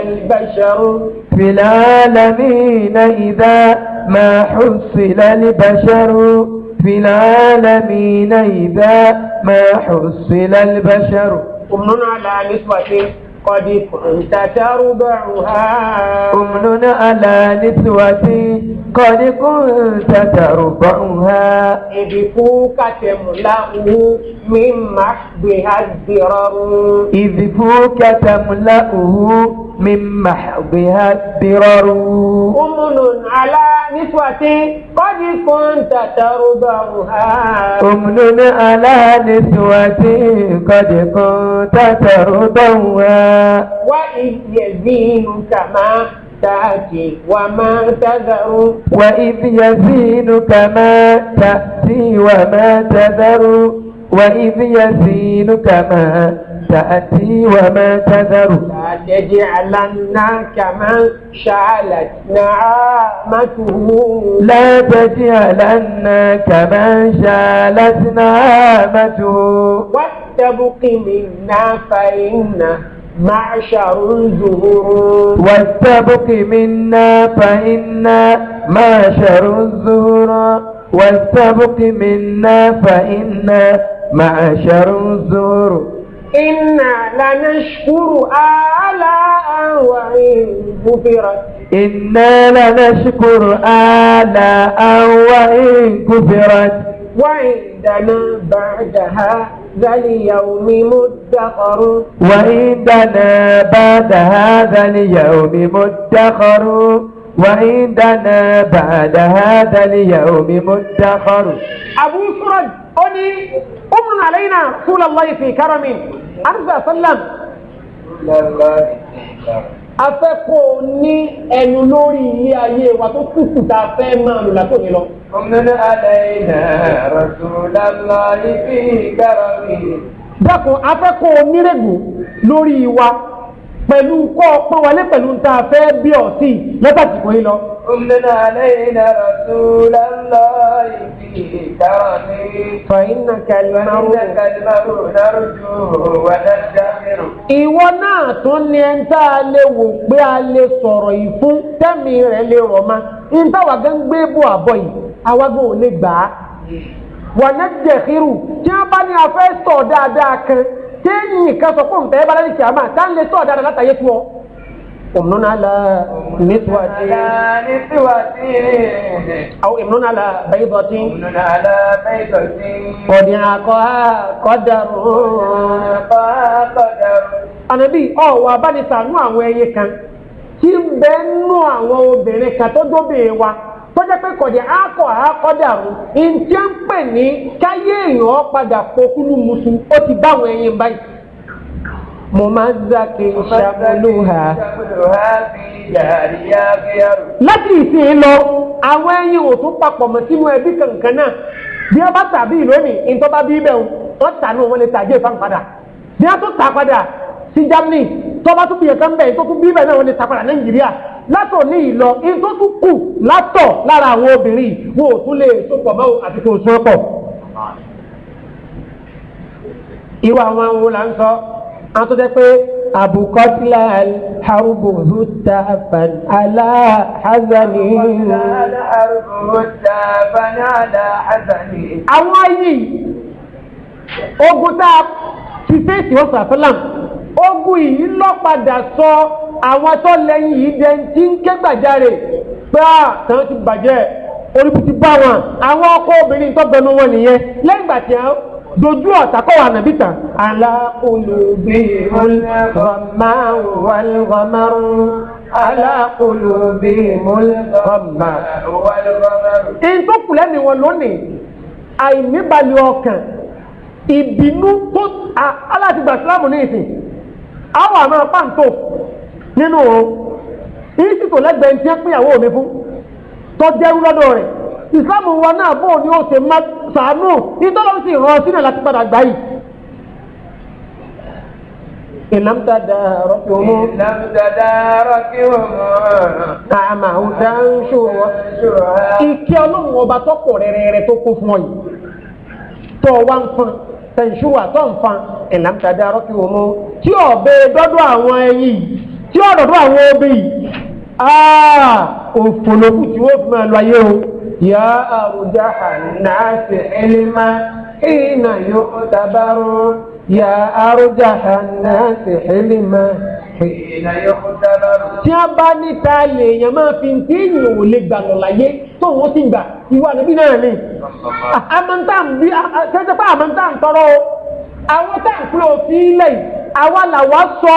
[SPEAKER 1] البشر
[SPEAKER 4] في العالمين إذا ما حصل البشر في العالمين
[SPEAKER 1] إذا ما حصل البشر أمن على نسوة قد كنت تربعها أمن على نسوة قد كنت تربعها إذ فوكت ملأه من محبها الزرر إذ فوكت ملأه من محضها الضرر أمن على نسوة قد كنت ترضاها
[SPEAKER 4] أمن على نسوة قد كنت ترضاها
[SPEAKER 1] وإن يزينك ما تأتي وما
[SPEAKER 4] تذر وإذ يزينك ما تأتي وما تذر وإذ يزينك ما تأتي وما
[SPEAKER 1] تذر لا تجعلن كمن شعلت نعامته
[SPEAKER 4] لا تجعلن كمن شعلت
[SPEAKER 1] نعامته واتبق منا فإن
[SPEAKER 4] معشر
[SPEAKER 1] الزهور
[SPEAKER 4] واتبق منا فإنا معشر الزهور واتبق منا فإنا معشر الزهور إنا لنشكر
[SPEAKER 1] آلاء وإن كفرت
[SPEAKER 4] إنا لنشكر آلاء وإن كفرت وعندنا
[SPEAKER 1] بعدها ذا اليوم مدخر
[SPEAKER 4] وعندنا بعد هذا اليوم مدخر وعندنا بعد هذا اليوم مدخر
[SPEAKER 1] أبو سرج أني أمن علينا رسول الله في كرم أرضى سلم afẹ́kọ̀ọ́ ní ẹnu lórí ilé ayé wa tó kùkù tá a fẹ́ máa lò látò ní lọ. ọmọdé aláìná rọ̀tùlámà
[SPEAKER 4] ìfì ìgbàrọ̀
[SPEAKER 1] dákun afẹ́kọ̀ọ́ nírègùn lórí wa pẹ̀lú kọ́ pọ́n wọlé pẹ̀lú ń ta fẹ́ bí ọ̀sì lọ́tàkì kò yí lọ. Omnana
[SPEAKER 4] alayna rasulallahi fi tarani. Fa inna kalmaru. Fa inna kalmaru narju wa nadamiru.
[SPEAKER 1] Ìwọ náà tún ni ẹ̀ ń tá a lè wò pé a lè sọ̀rọ̀ yìí tẹ́mi rẹ̀ lè rọ̀ ma. Ń táwa gan gbé bò àbọ̀ yìí, àwa ò lè gbà á. Wa nadamiru. Tí wọ́n bá ní afẹ́ sọ̀ dáadáa kan téèyàn kan sọ fún bẹ́ẹ̀ balẹ̀ kìá máa tá n lè tọ́ dáadáa látàyè fún ọ. òmùnúnà la nítorí. àwọn òmùnúnà la bẹ́ẹ̀ dọ̀tí. òmùnúnà la bẹ́ẹ̀ dọ̀tí. ọ̀dìn àkọ́ kọ́dàrú. àkọ́ kọ́dàrú. ànábì ọ̀ wà bá ní sànú àwọn ẹyẹ kan tí bẹ́ẹ̀ nú àwọn obìnrin kan tó wa tọ́jà pé kọ̀jẹ̀ akọ̀ akọ̀dàrú ntí ń pè ní káyé èèyàn padà pokúlù musu ó ti báwọn ẹyin báyìí. mo máa ń zàkè ṣàmúlùhà. láti ìsìn lọ àwọn ẹyin ò tún papọ̀ mọ́ sínú ẹbí kankan náà bí wọ́n bá tàbí lónìí ntọ́ bá bí bẹ́ẹ̀ wọ́n tà ní òun lè tàjẹ́ ìfàn padà bí wọ́n tún tà padà sí Germany tọ́ bá tún bìyẹn kan bẹ́ẹ̀ tó tún bí bẹ́ẹ̀ náà wọ́n lè tà padà Nàìjíríà látòní ìlọ in tó tún kù látọ̀ lára àwọn obìnrin wo ò tún lè sopọ̀ mọ́ àti kò sopọ̀. irú àwọn ohun là ń sọ àwọn tó jẹ́ pé àbùkọ́tílà àrùbùrù tààfàn aláhàzàní. àwọn ayé ogun tá a ti fèsì ọ̀sán àfẹ́lá ogun yìí lọ́padà sọ. So, àwọn tó lẹ́yìn yìí dẹ ti ń ké gbàjáre pé tán ti bàjẹ́ oríkù ti bá wọn àwọn ọkọ obìnrin tó bẹnu wọn nìyẹn lẹ́yìn ìgbà tí wọ́n dojú ọ̀tá kọ́ wà nàbí tán. ala olùgbé olùkọ́má wàlúwàmárù ala olùgbé olùkọ́má
[SPEAKER 4] wàlúwàmárù.
[SPEAKER 1] ìtọ́kùlẹ̀ ni wọn lónìí àìníbalẹ̀ ọkàn ìbínú tó aláàtìgbà sílámù ní ìsìn àwọn àmọ́ pàǹtó nínú o èyí sì tó lẹ́gbẹ̀ẹ́ tí ń pín àwọn òní fún tọ́jẹ́rú lọ́dọ̀ rẹ̀ ìsìláàmù wa náà bóun ni ó ṣe má sàánú ìtọ́lọ́ sì rán sílẹ̀ láti padà gbà yìí. إلم تداركهم
[SPEAKER 4] إلم تداركهم
[SPEAKER 1] نعمه دانشوا ìkẹ́ ọlọ́run ọba tó pọ̀ rẹ̀rẹ̀rẹ̀ tó kún fún ọ yìí tó wá ń fan tẹ̀síwà tó ń fan ìlànà tàdá rọ́kì wọ́n tí ọ̀bẹ dọ́dọ̀ àwọn ẹyìn yìí tí ọ̀dọ̀ tó àwọn obì yìí ah, òfòlókù tí wọ́n fi máa lọ ayé o yà àrùjá ànáàtì ẹlẹ́mà ìnà yóò dábàrú yà àrùjá ànáàtì ẹlẹ́mà ìnà yóò dábàrú. tí a bá níta lè yàn máa fi tí èèyàn ò lè gbà lọ láyé tó wọ́n ti gbà ìwà níbí náà ni amantan bí kẹ́sẹ̀ pé amọ̀ntàn tọrọ o àwọn tá à ń àwa làwa sọ.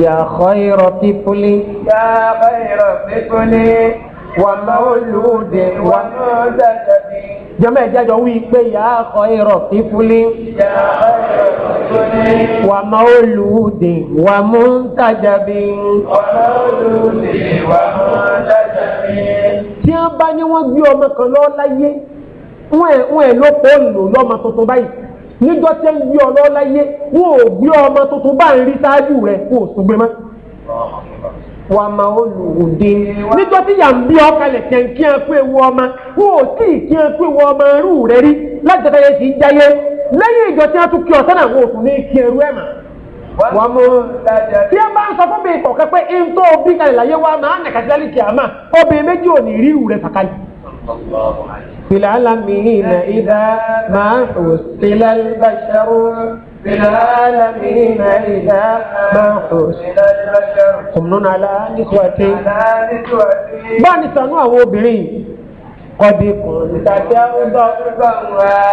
[SPEAKER 1] يا خير طفل
[SPEAKER 4] يا خير طفل
[SPEAKER 1] ومولود ومولد jọmọ ìjájọ wí pé yà á kọ irọ fífúlé wà má ó lù ú dè wà mú ń tajà bí. tí wọ́n bá ní wọ́n gbé ọmọ kan lọ láyé wọ́n ẹ̀ ló pọ̀ lọ́mọ tuntun báyìí níjọ́ tẹ́ ń gbé ọlọ́ láyé wọn ò gbé ọmọ tuntun bá ń rí sáájú rẹ̀ wọn ò sùn gbé mọ́. wà á máa ó lù ú dé. níjọ́ tí yà ń bí ọkàlẹ̀ kẹ̀ ń kí ẹ pé wọ ọmọ wọn ò tí ì kí ẹ pé wọ ọmọ rú rẹ rí láti jẹ́ tẹ́lẹ̀ tí ń jáyé lẹ́yìn ìjọ tí wọ́n tún kí ọ̀sán náà wọn ò sùn ní kí ẹrú ẹ̀ mọ́. wà á mú tí ẹ bá ń sọ fún mi ìkọ̀kẹ́ pé ń tó bí kalẹ̀ láyé wa máa ń nàkàtí في العالمين إذا ما حسن
[SPEAKER 2] البشر في العالمين إذا
[SPEAKER 1] ما حسن البشر قمنا على نسوتي báni ṣàánú àwọn obìnrin kọ́dí kan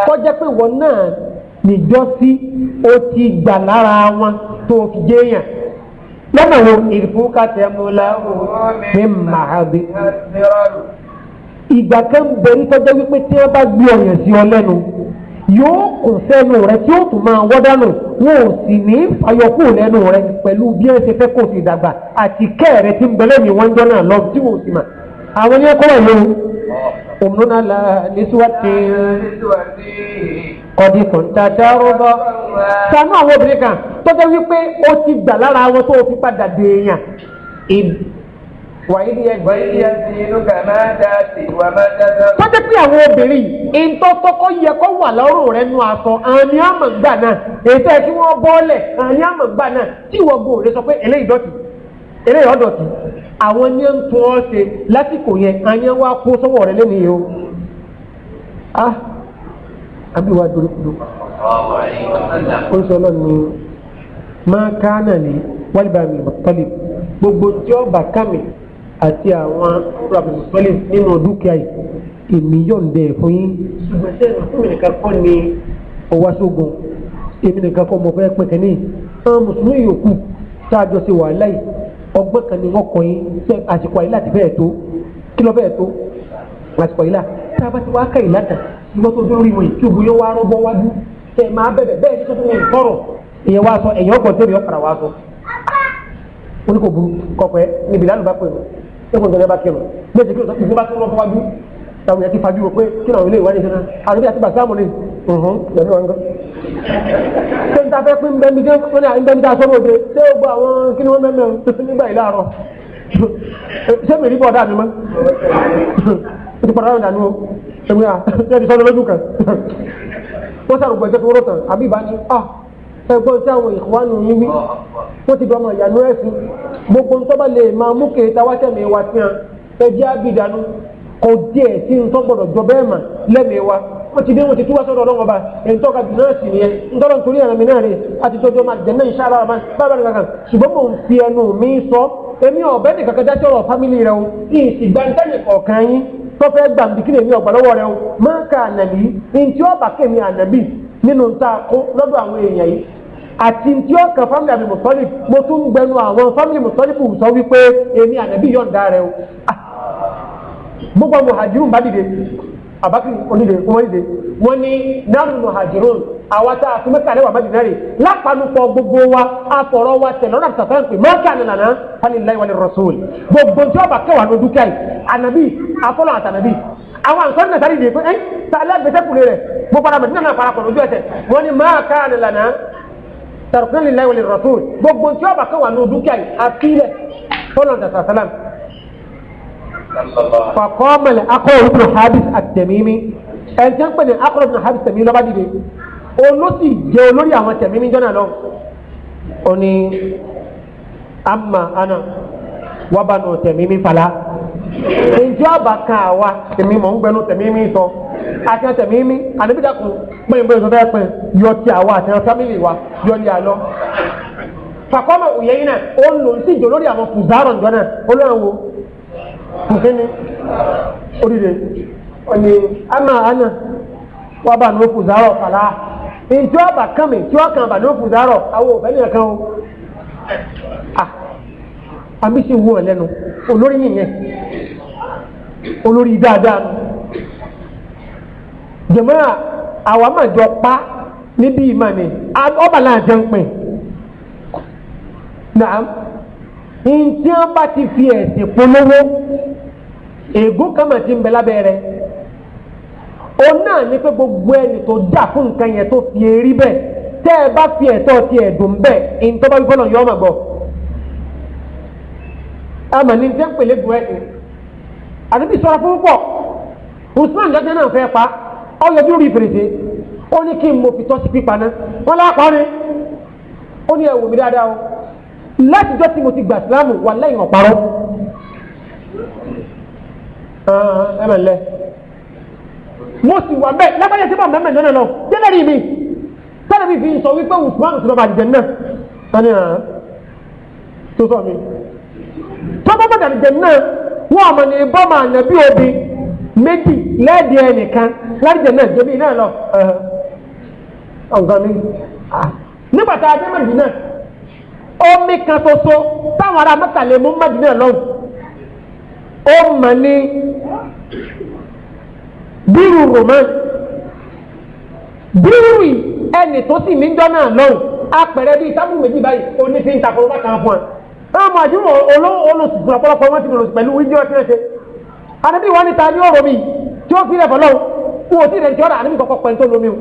[SPEAKER 1] kọjá pé wọn náà níjọ́sí ó ti gbà lára wọn tó fi jẹ́yàn lọ́nà wo ìfúkàtẹ́múlá mi màá bí ìgbà kan bẹ̀rí tọ́jọ́ wípé tí wọ́n bá gbé ọ̀yàn sí ọ lẹ́nu yóò kò sẹ́nu rẹ tí ó tún máa wọ́ dànù wọn ò sì ní fàyọkù lẹ́nu rẹ pẹ̀lú bí ẹ ṣe fẹ́ kó sì dàgbà àti kẹ́ rẹ ti ń bẹ̀lẹ́ mi wọ́n ń jọ́nà lọ tí wọ́n sì mà àwọn yẹn kọ́ wà lóhùn. òmùnà la nísúwàtí kọ́dí kò ń ta dárúbọ. sanu àwọn obìnrin kan tọ́jọ́ wípé ó ti gbà lára wọn tó fi padà dèèyàn wọ́n jẹ́ pé àwọn obìnrin yìí ntọ́ tọ́kọ́ yẹ kó wà lọ́rùn rẹ̀ nu aṣọ àní àmọ̀ gbà náà ètò ẹ̀ kí wọ́n bọ́ọ̀lẹ̀ àní àmọ̀ gbà náà tí ìwọ gbòò rẹ sọ pé eléyìí dọ̀tí eléyìí ọ̀dọ̀tí àwọn ní ń tún ọ́ ṣe lásìkò yẹn àní wá kó sọ́wọ́ rẹ lẹ́nu yìí o. a ah, àbí wàá dorí kudu. ó sọ lọ́nà ni máa ká náà ní wálé bá gbogbo tí ọ àti àwọn abdulmọ̀tọ́lẹ̀ nínú dúkìá yìí èmi yọ̀ǹde fún yín. ṣùgbọ́n ṣé fún mi nìkan kọ́ ni ọwá sógun èmi nìkan kọ́ mo fẹ́ pẹ̀kẹ́ ní. àwọn mùsùlùmí yòókù tá a jọ ṣe wàhálà yìí ọgbọ́n kan ni wọ́n kọ́ yín pé àsìkò àyílà ti bẹ́ẹ̀ tó kí ló bẹ́ẹ̀ tó àsìkò àyílà tá a bá ti wá ká ìlà tán ìwọ́n tó dórí wọn tí òbí yóò wá rọ́gbọ́ wájú tẹ̀ máa bẹ̀rẹ̀ bẹ́ẹ̀ ní sọ́tún mi sọ̀rọ̀ ìyẹn wá sọ ẹ̀yìn ọkọ̀ tẹ̀lé ọ̀pàrà wá sọ. oníkòbù kọ̀pẹ́ níbi lálùbá pẹ̀lú sẹ́kùn tó lẹ́ bá kírun bí èsì kírun ìgbìmọ̀ bá tó lọ́ fọwájú táwọn yẹn ti fajú wò pé kírun ilé ìwádìí sẹ́nà àdébí àti bàtà àmúlẹ̀ ọ̀hún lọ́dún wọn gan. ṣé n ta fẹ́ pín bẹ́ẹ̀ mi dé wọ́n ní à ń bẹ́ẹ̀ mi dá sọ́wọ́ òde ṣé o gbọ́ àwọn kí ni wọ́n mẹ́mẹ́ nígbà yìí láàárọ̀ ṣé mi rí bọ̀dá mi mọ́ o ti pàdánù dànù o ṣé mi à ṣé ti sọ́dọ̀ lójú kan wọ́n sàrùgbọ̀n ìjọ ẹgbọ́n tí àwọn ìwánu yín wí wọ́n ti gbọmọ ìyànú ẹ̀sìn gbogbo ń tọ́ba lè máa mú kéèta wáṣẹ̀mí wa sí hàn ẹjẹ́ àbìdánù kò díẹ̀ tí ń tọ́ gbọ́dọ̀ jọ bẹ́ẹ̀ mà lẹ́mìí wa wọ́n ti dé wọ́n ti tú wá sọ́dọ̀ ọlọ́run ọba èyí tọ́ka jù náà sì nìyẹn ntọ́lọ́ nítorí ẹ̀rọ mi náà rè àti tọ́jú ọmọ àjẹ́ náà ìṣáàlá ọmọ bàbá rẹ̀ kankan ṣùgbọ́n mò ń fi ẹnu mi sọ èmi ọ̀bẹ nìkan kan dájọ́ ọ̀rọ̀ fámìlì rẹ o ìsìgbàntẹ́nì kọ̀ọ̀kan yín tọ́fẹ́ gbàǹdìkìlẹ̀ mi ọ̀gbà lọ́wọ́ rẹ o máa ka ànàbí ntí ọ̀bà kẹ́mi ànàbí nínú ta kó lọ́dọ̀ àwọn èèyàn yìí àti tí ó kan family àmì mùsọ́lì mo tún gbẹnu àwọn family mùsọ́lì kù sọ wípé èmi ànábì yọ̀ǹda rẹ o ah. gbogbo muhajirun bá dìde abakiri onídè wọn dìde wọn ní náà muhajirun àwa tá a fi mẹ́ta lẹ́wà májìlá rè lápánupọ̀ gbogbo wa afọ̀rọ̀ wa tẹ̀lọ́ náà tàfẹ́ pé mọ́ọ̀kì ànàlànà falilayi wàlẹ̀ rasul gbogbo tí ọba kẹwàá ló dúkìá yìí ànàbì afọlọ́ àtànàbì àwọn àǹsọ́nì nàtàrí dè pé ẹ́ tá a lẹ́gbẹ̀ẹ́sẹ̀kùnrin rẹ̀ gbogbo ara mẹ́tìnà náà farakọ̀ lójú ẹsẹ̀ wọ́n ní mọ́ọ̀kì ànàlànà tẹ̀rọ̀kẹ́ lè láìwọlé rọ̀tún gbogbo tí ọba kan wà ní dúkìá yìí àfilẹ̀ tọ́lọ̀ dàtà sálám. fàkọ́mọ̀lẹ̀ akọ̀rọ̀ ibùdó habis àtẹ̀mímí ẹ̀jẹ̀ ń pè ní akọ̀rọ̀ ibùdó habis tẹ̀mí lọ́ba dìde olóṣì jẹ́ olórí àwọn tẹ̀mímí jọ́nà lọ. ó ní amma ana wàbànú tẹ̀mímí fàlà. ǹjẹ́ ọba kan àwa tẹ̀mí mọ̀ ń gbẹnu tẹ̀mímí sọ àti ẹsẹ̀ mímí àníbídàkùn pínpín tó fẹ́ pín yọ ti àwa àti ẹran fámìlì wa yọ ní àlọ́. fàkọ́mọ̀ òye yìí náà ó ń lò sí ìjọ lórí àwọn fùzárọ̀ ǹjọ́ náà olóyàn wo kùfín ni oríire ọ̀nì àmà àná wà bá ní fùzárọ̀ fàlà ìjọ àbà kan mi ìjọ kan àbà ní fùzárọ̀ àwọn òfẹ́ nìyẹn kan o àmì sì wú ọ̀ lẹ́nu olórí yìnyẹn olórí dáadáa jẹ̀mọ́ àwa máa jọ pa níbí ìmọ̀ ni ọba náà jẹun pin naam ntí wọn bá ti fi ẹ̀sìn polówó ègún kan mà ti ń bẹ lábẹ́ rẹ̀ òun náà ní pé gbogbo ẹni tó dà fún nǹkan yẹn tó fi èrí bẹ́ẹ̀ tẹ́ ẹ bá fi ẹ̀tọ́ ti ẹ̀dùn bẹ́ẹ̀ ntọ́ bá gbọ́dọ̀ yọ ọmọ gbọ́ àmọ́ ní jẹ́ pèlè bu ẹ̀sìn àti bí sọ́ra fún pọ̀ Usman dandan náà fẹ́ pa ọyọjú rí fèrèsé ó ní kí n mo fi tọ́sí pípa náà wọ́n lápárí ó ní ẹ̀wù mi dáadáa o láti jọ́ tí mo ti gbà sílámù wà lẹ́yìn ọ̀parọ́ ẹ̀mẹ̀lẹ́ mo sì wà bẹ́ẹ̀ lápárí ẹ̀sìn bàbá mẹ́mẹ́ lọ́nà náà délẹ̀ rí mi tẹ́lẹ̀ mi fi sọ wípé Usman ti lọ́ba àdìjẹ́ náà wọ́n ní hàn tó sọ mi tọ́ba bàdàdìjẹ́ náà wọ́n àmọ̀ ní bọ́ọ̀mà ànàbí obì méjì lẹ́ẹ̀dì ẹnìkan lárìjẹ náà jẹ́bi náà lọ ọ̀gán mi nígbà tá a dé Mẹ́dínà omi kan ṣoṣo táwọn ará mẹ́tàlẹ́ mú Mẹ́dínà lọ́hùn ó mọ̀ ní bírù roman bírù ẹnì tó sì ní jọ́nà lọ́hùn apẹ̀rẹ̀ bíi tábù méjì báyìí oníṣẹ́ ń takò bá kan fún wa ọmọ àdúgbò olóòlùsùn ọ̀pọ̀lọpọ̀ wọn ti lò pẹ̀lú wíńdíò tí wọ́n ṣe anabi wa ni ta ni ọ̀rọ̀ mi tí ó fi rẹ̀ fọlọ́ wò ó ti rẹ̀ jọ́ra anabi kọ́kọ́ pẹ̀ntó lomi o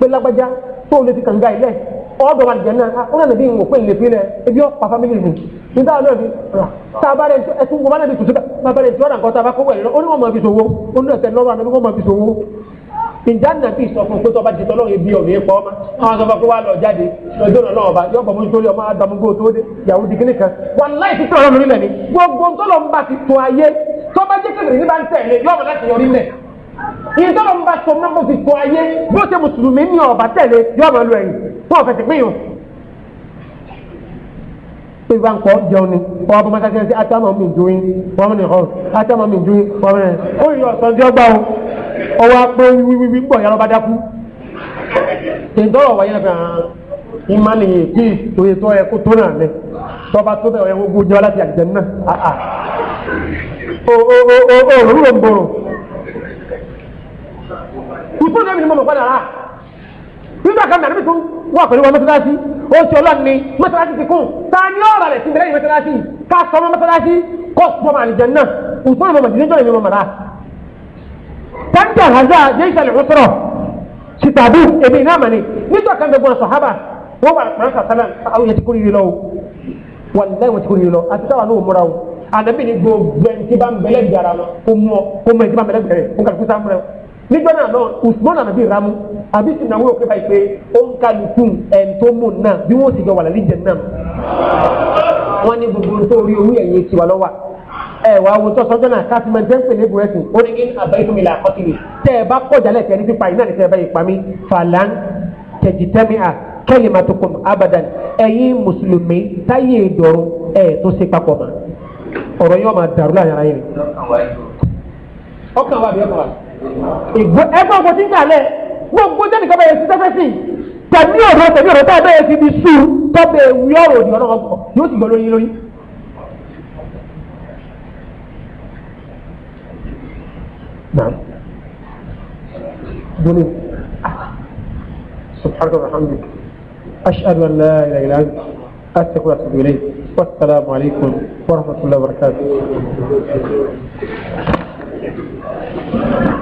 [SPEAKER 1] pé lágbájá tó o lè fi kànga ilẹ̀ ọ̀dọ̀ wa nìjẹ́ náà ọ̀nà nàbí ń wò pé ìlẹ̀ fílẹ̀ ebi ọ̀pá family mi nígbà ni tábàrẹ̀ ẹtú wọn bá nàbí tuntun tábàrẹ̀ tí wọn nà kọ́ tábà kó wẹ̀lẹ̀ ó ní wọn mọ̀ fi sòwò ó ní ọ̀sẹ̀ lọ́wọ́ àná wọn mọ̀ fi sòwò ìjà nàbí sọ fún pé tọ́ba jẹtọ́ lọ́wọ́ ebi ọ̀rẹ́ pọ̀ ọ́mà àwọn sọ fún pé wà lọ jáde lọ́jọ́ náà lọ́wọ́ bá yọ bọ̀ mú nítorí ọmọ adamugbó tó dé yahoo di kíní kan wà láì tó bá jẹ́ kékeré ní bá ń tẹ̀lé yọ̀ọ̀bọ̀ láti yọrí mẹ́ ìtọ́lọ̀ ń bá sọ mọ́ bó ti sọ ayé bó ṣe mùsùlùmí ní ọ̀bà tẹ̀lé yọ̀ọ̀bọ̀ lu ẹ̀yìn tó o fẹsẹ̀ pín o. pé ìwà nǹkan jẹun ni ọ̀rọ̀ bọ́ mọ́tàkì ẹ̀sìn atámọ̀ mi ju yín wọ́n ní hàn atámọ̀ mi ju yín wọ́n ní hàn ó yọ ọ̀sán jọ gbá o ọwọ́ apẹ́ wíwíwí pọ̀ yàrá bá dákú. ìtọ́lọ̀ wáyé náà fi hàn ìmá ni yìí kí òye tó ẹ kó tó náà ní tọ́ba tó bẹ̀ ọ̀yẹ́ gbogbo jẹ́ wá láti àjẹ́ náà
[SPEAKER 3] òòrùn ló ń bọ̀rọ̀ ìfún náà mi ni mo mọ̀ padà rà
[SPEAKER 1] nígbà kan nàbí tó wà pẹ̀lú wọn mọ́sálásí ó ti ọlọ́run ni mọ́sálásí ti kún ta ni ọ̀rọ̀ rẹ̀ sí bẹ̀rẹ̀ mọ́sálásí ká sọ ọmọ mọ́sálásí kọ́ sọ ma àlìjẹ náà ìfún náà mo mọ̀ ìdíjọ́ ìlú mọ̀mọ́ra. tẹ́ńtà haza jẹ́sà lè wọ́pẹ́rọ̀ sitabu èmi náà mà ní nígbà kan gbogbo sọ̀hábà wọ́n wà pẹ̀lú sàtàlà àwọn yẹn ti kúrò yìí anabi ni gbogbo ẹni tí bá ń bẹlẹ gbàrà lọ kó mú ọ kó mú ẹni tí bá ń bẹlẹ gbàrà kó kàlùkù sáfúnra ọ nígbà náà lọ usman anabi ramu àbí sinamu yóò kébà yìí pé ó ń kálukú ẹ̀ńtómù náà bí wọ́n sì jọ wà lálẹ́ jẹun náà wọ́n ní gbogbo tó rí orí ẹ̀yẹ tiwa lọ́wọ́ ẹ wàá wo tọ́sọ́ jọ́nà káfíńmẹ́ dẹ́pẹ̀ ní ìbúrẹ́sì ó ní kí àbẹ́yẹ́fúnmi là kọ́tìlì tẹ́ ẹ bá kọjá lẹ́tẹ̀ẹ́ ní pípa iná ní tẹ́ ẹ bá yẹ pa mí fàlà tẹ̀jìtẹ́mi à kẹ́lìmàtòkùn abadan ẹ̀yin mùsùlùmí táyé ìdọ̀rùn ẹ̀ tó ṣe papọ̀ mọ́ ọ̀rọ̀ yóò máa dàrú láyàrá yẹn. ọkàn wa bí ọkàn wa. ìgbó ẹgbẹ́ òkú ti ń kàlẹ̀ gbogbo jẹ́ nìkan bẹ́ẹ̀ ti tẹ́fẹ́ sí i tẹ̀mí ọ̀rọ̀ tẹ̀mí ọ̀rọ̀ tá a bẹ́ẹ̀ ti di sú tó bẹ́ẹ̀ wí ọ̀rọ̀ òdì ọ̀rọ̀ ọkọ̀ yóò sì gbọ́ lórí lórí. سبحانك وبحمدك أشهد أن لا إله إلا أنت أستغفرك وأتوب إليك Por supuesto,
[SPEAKER 3] de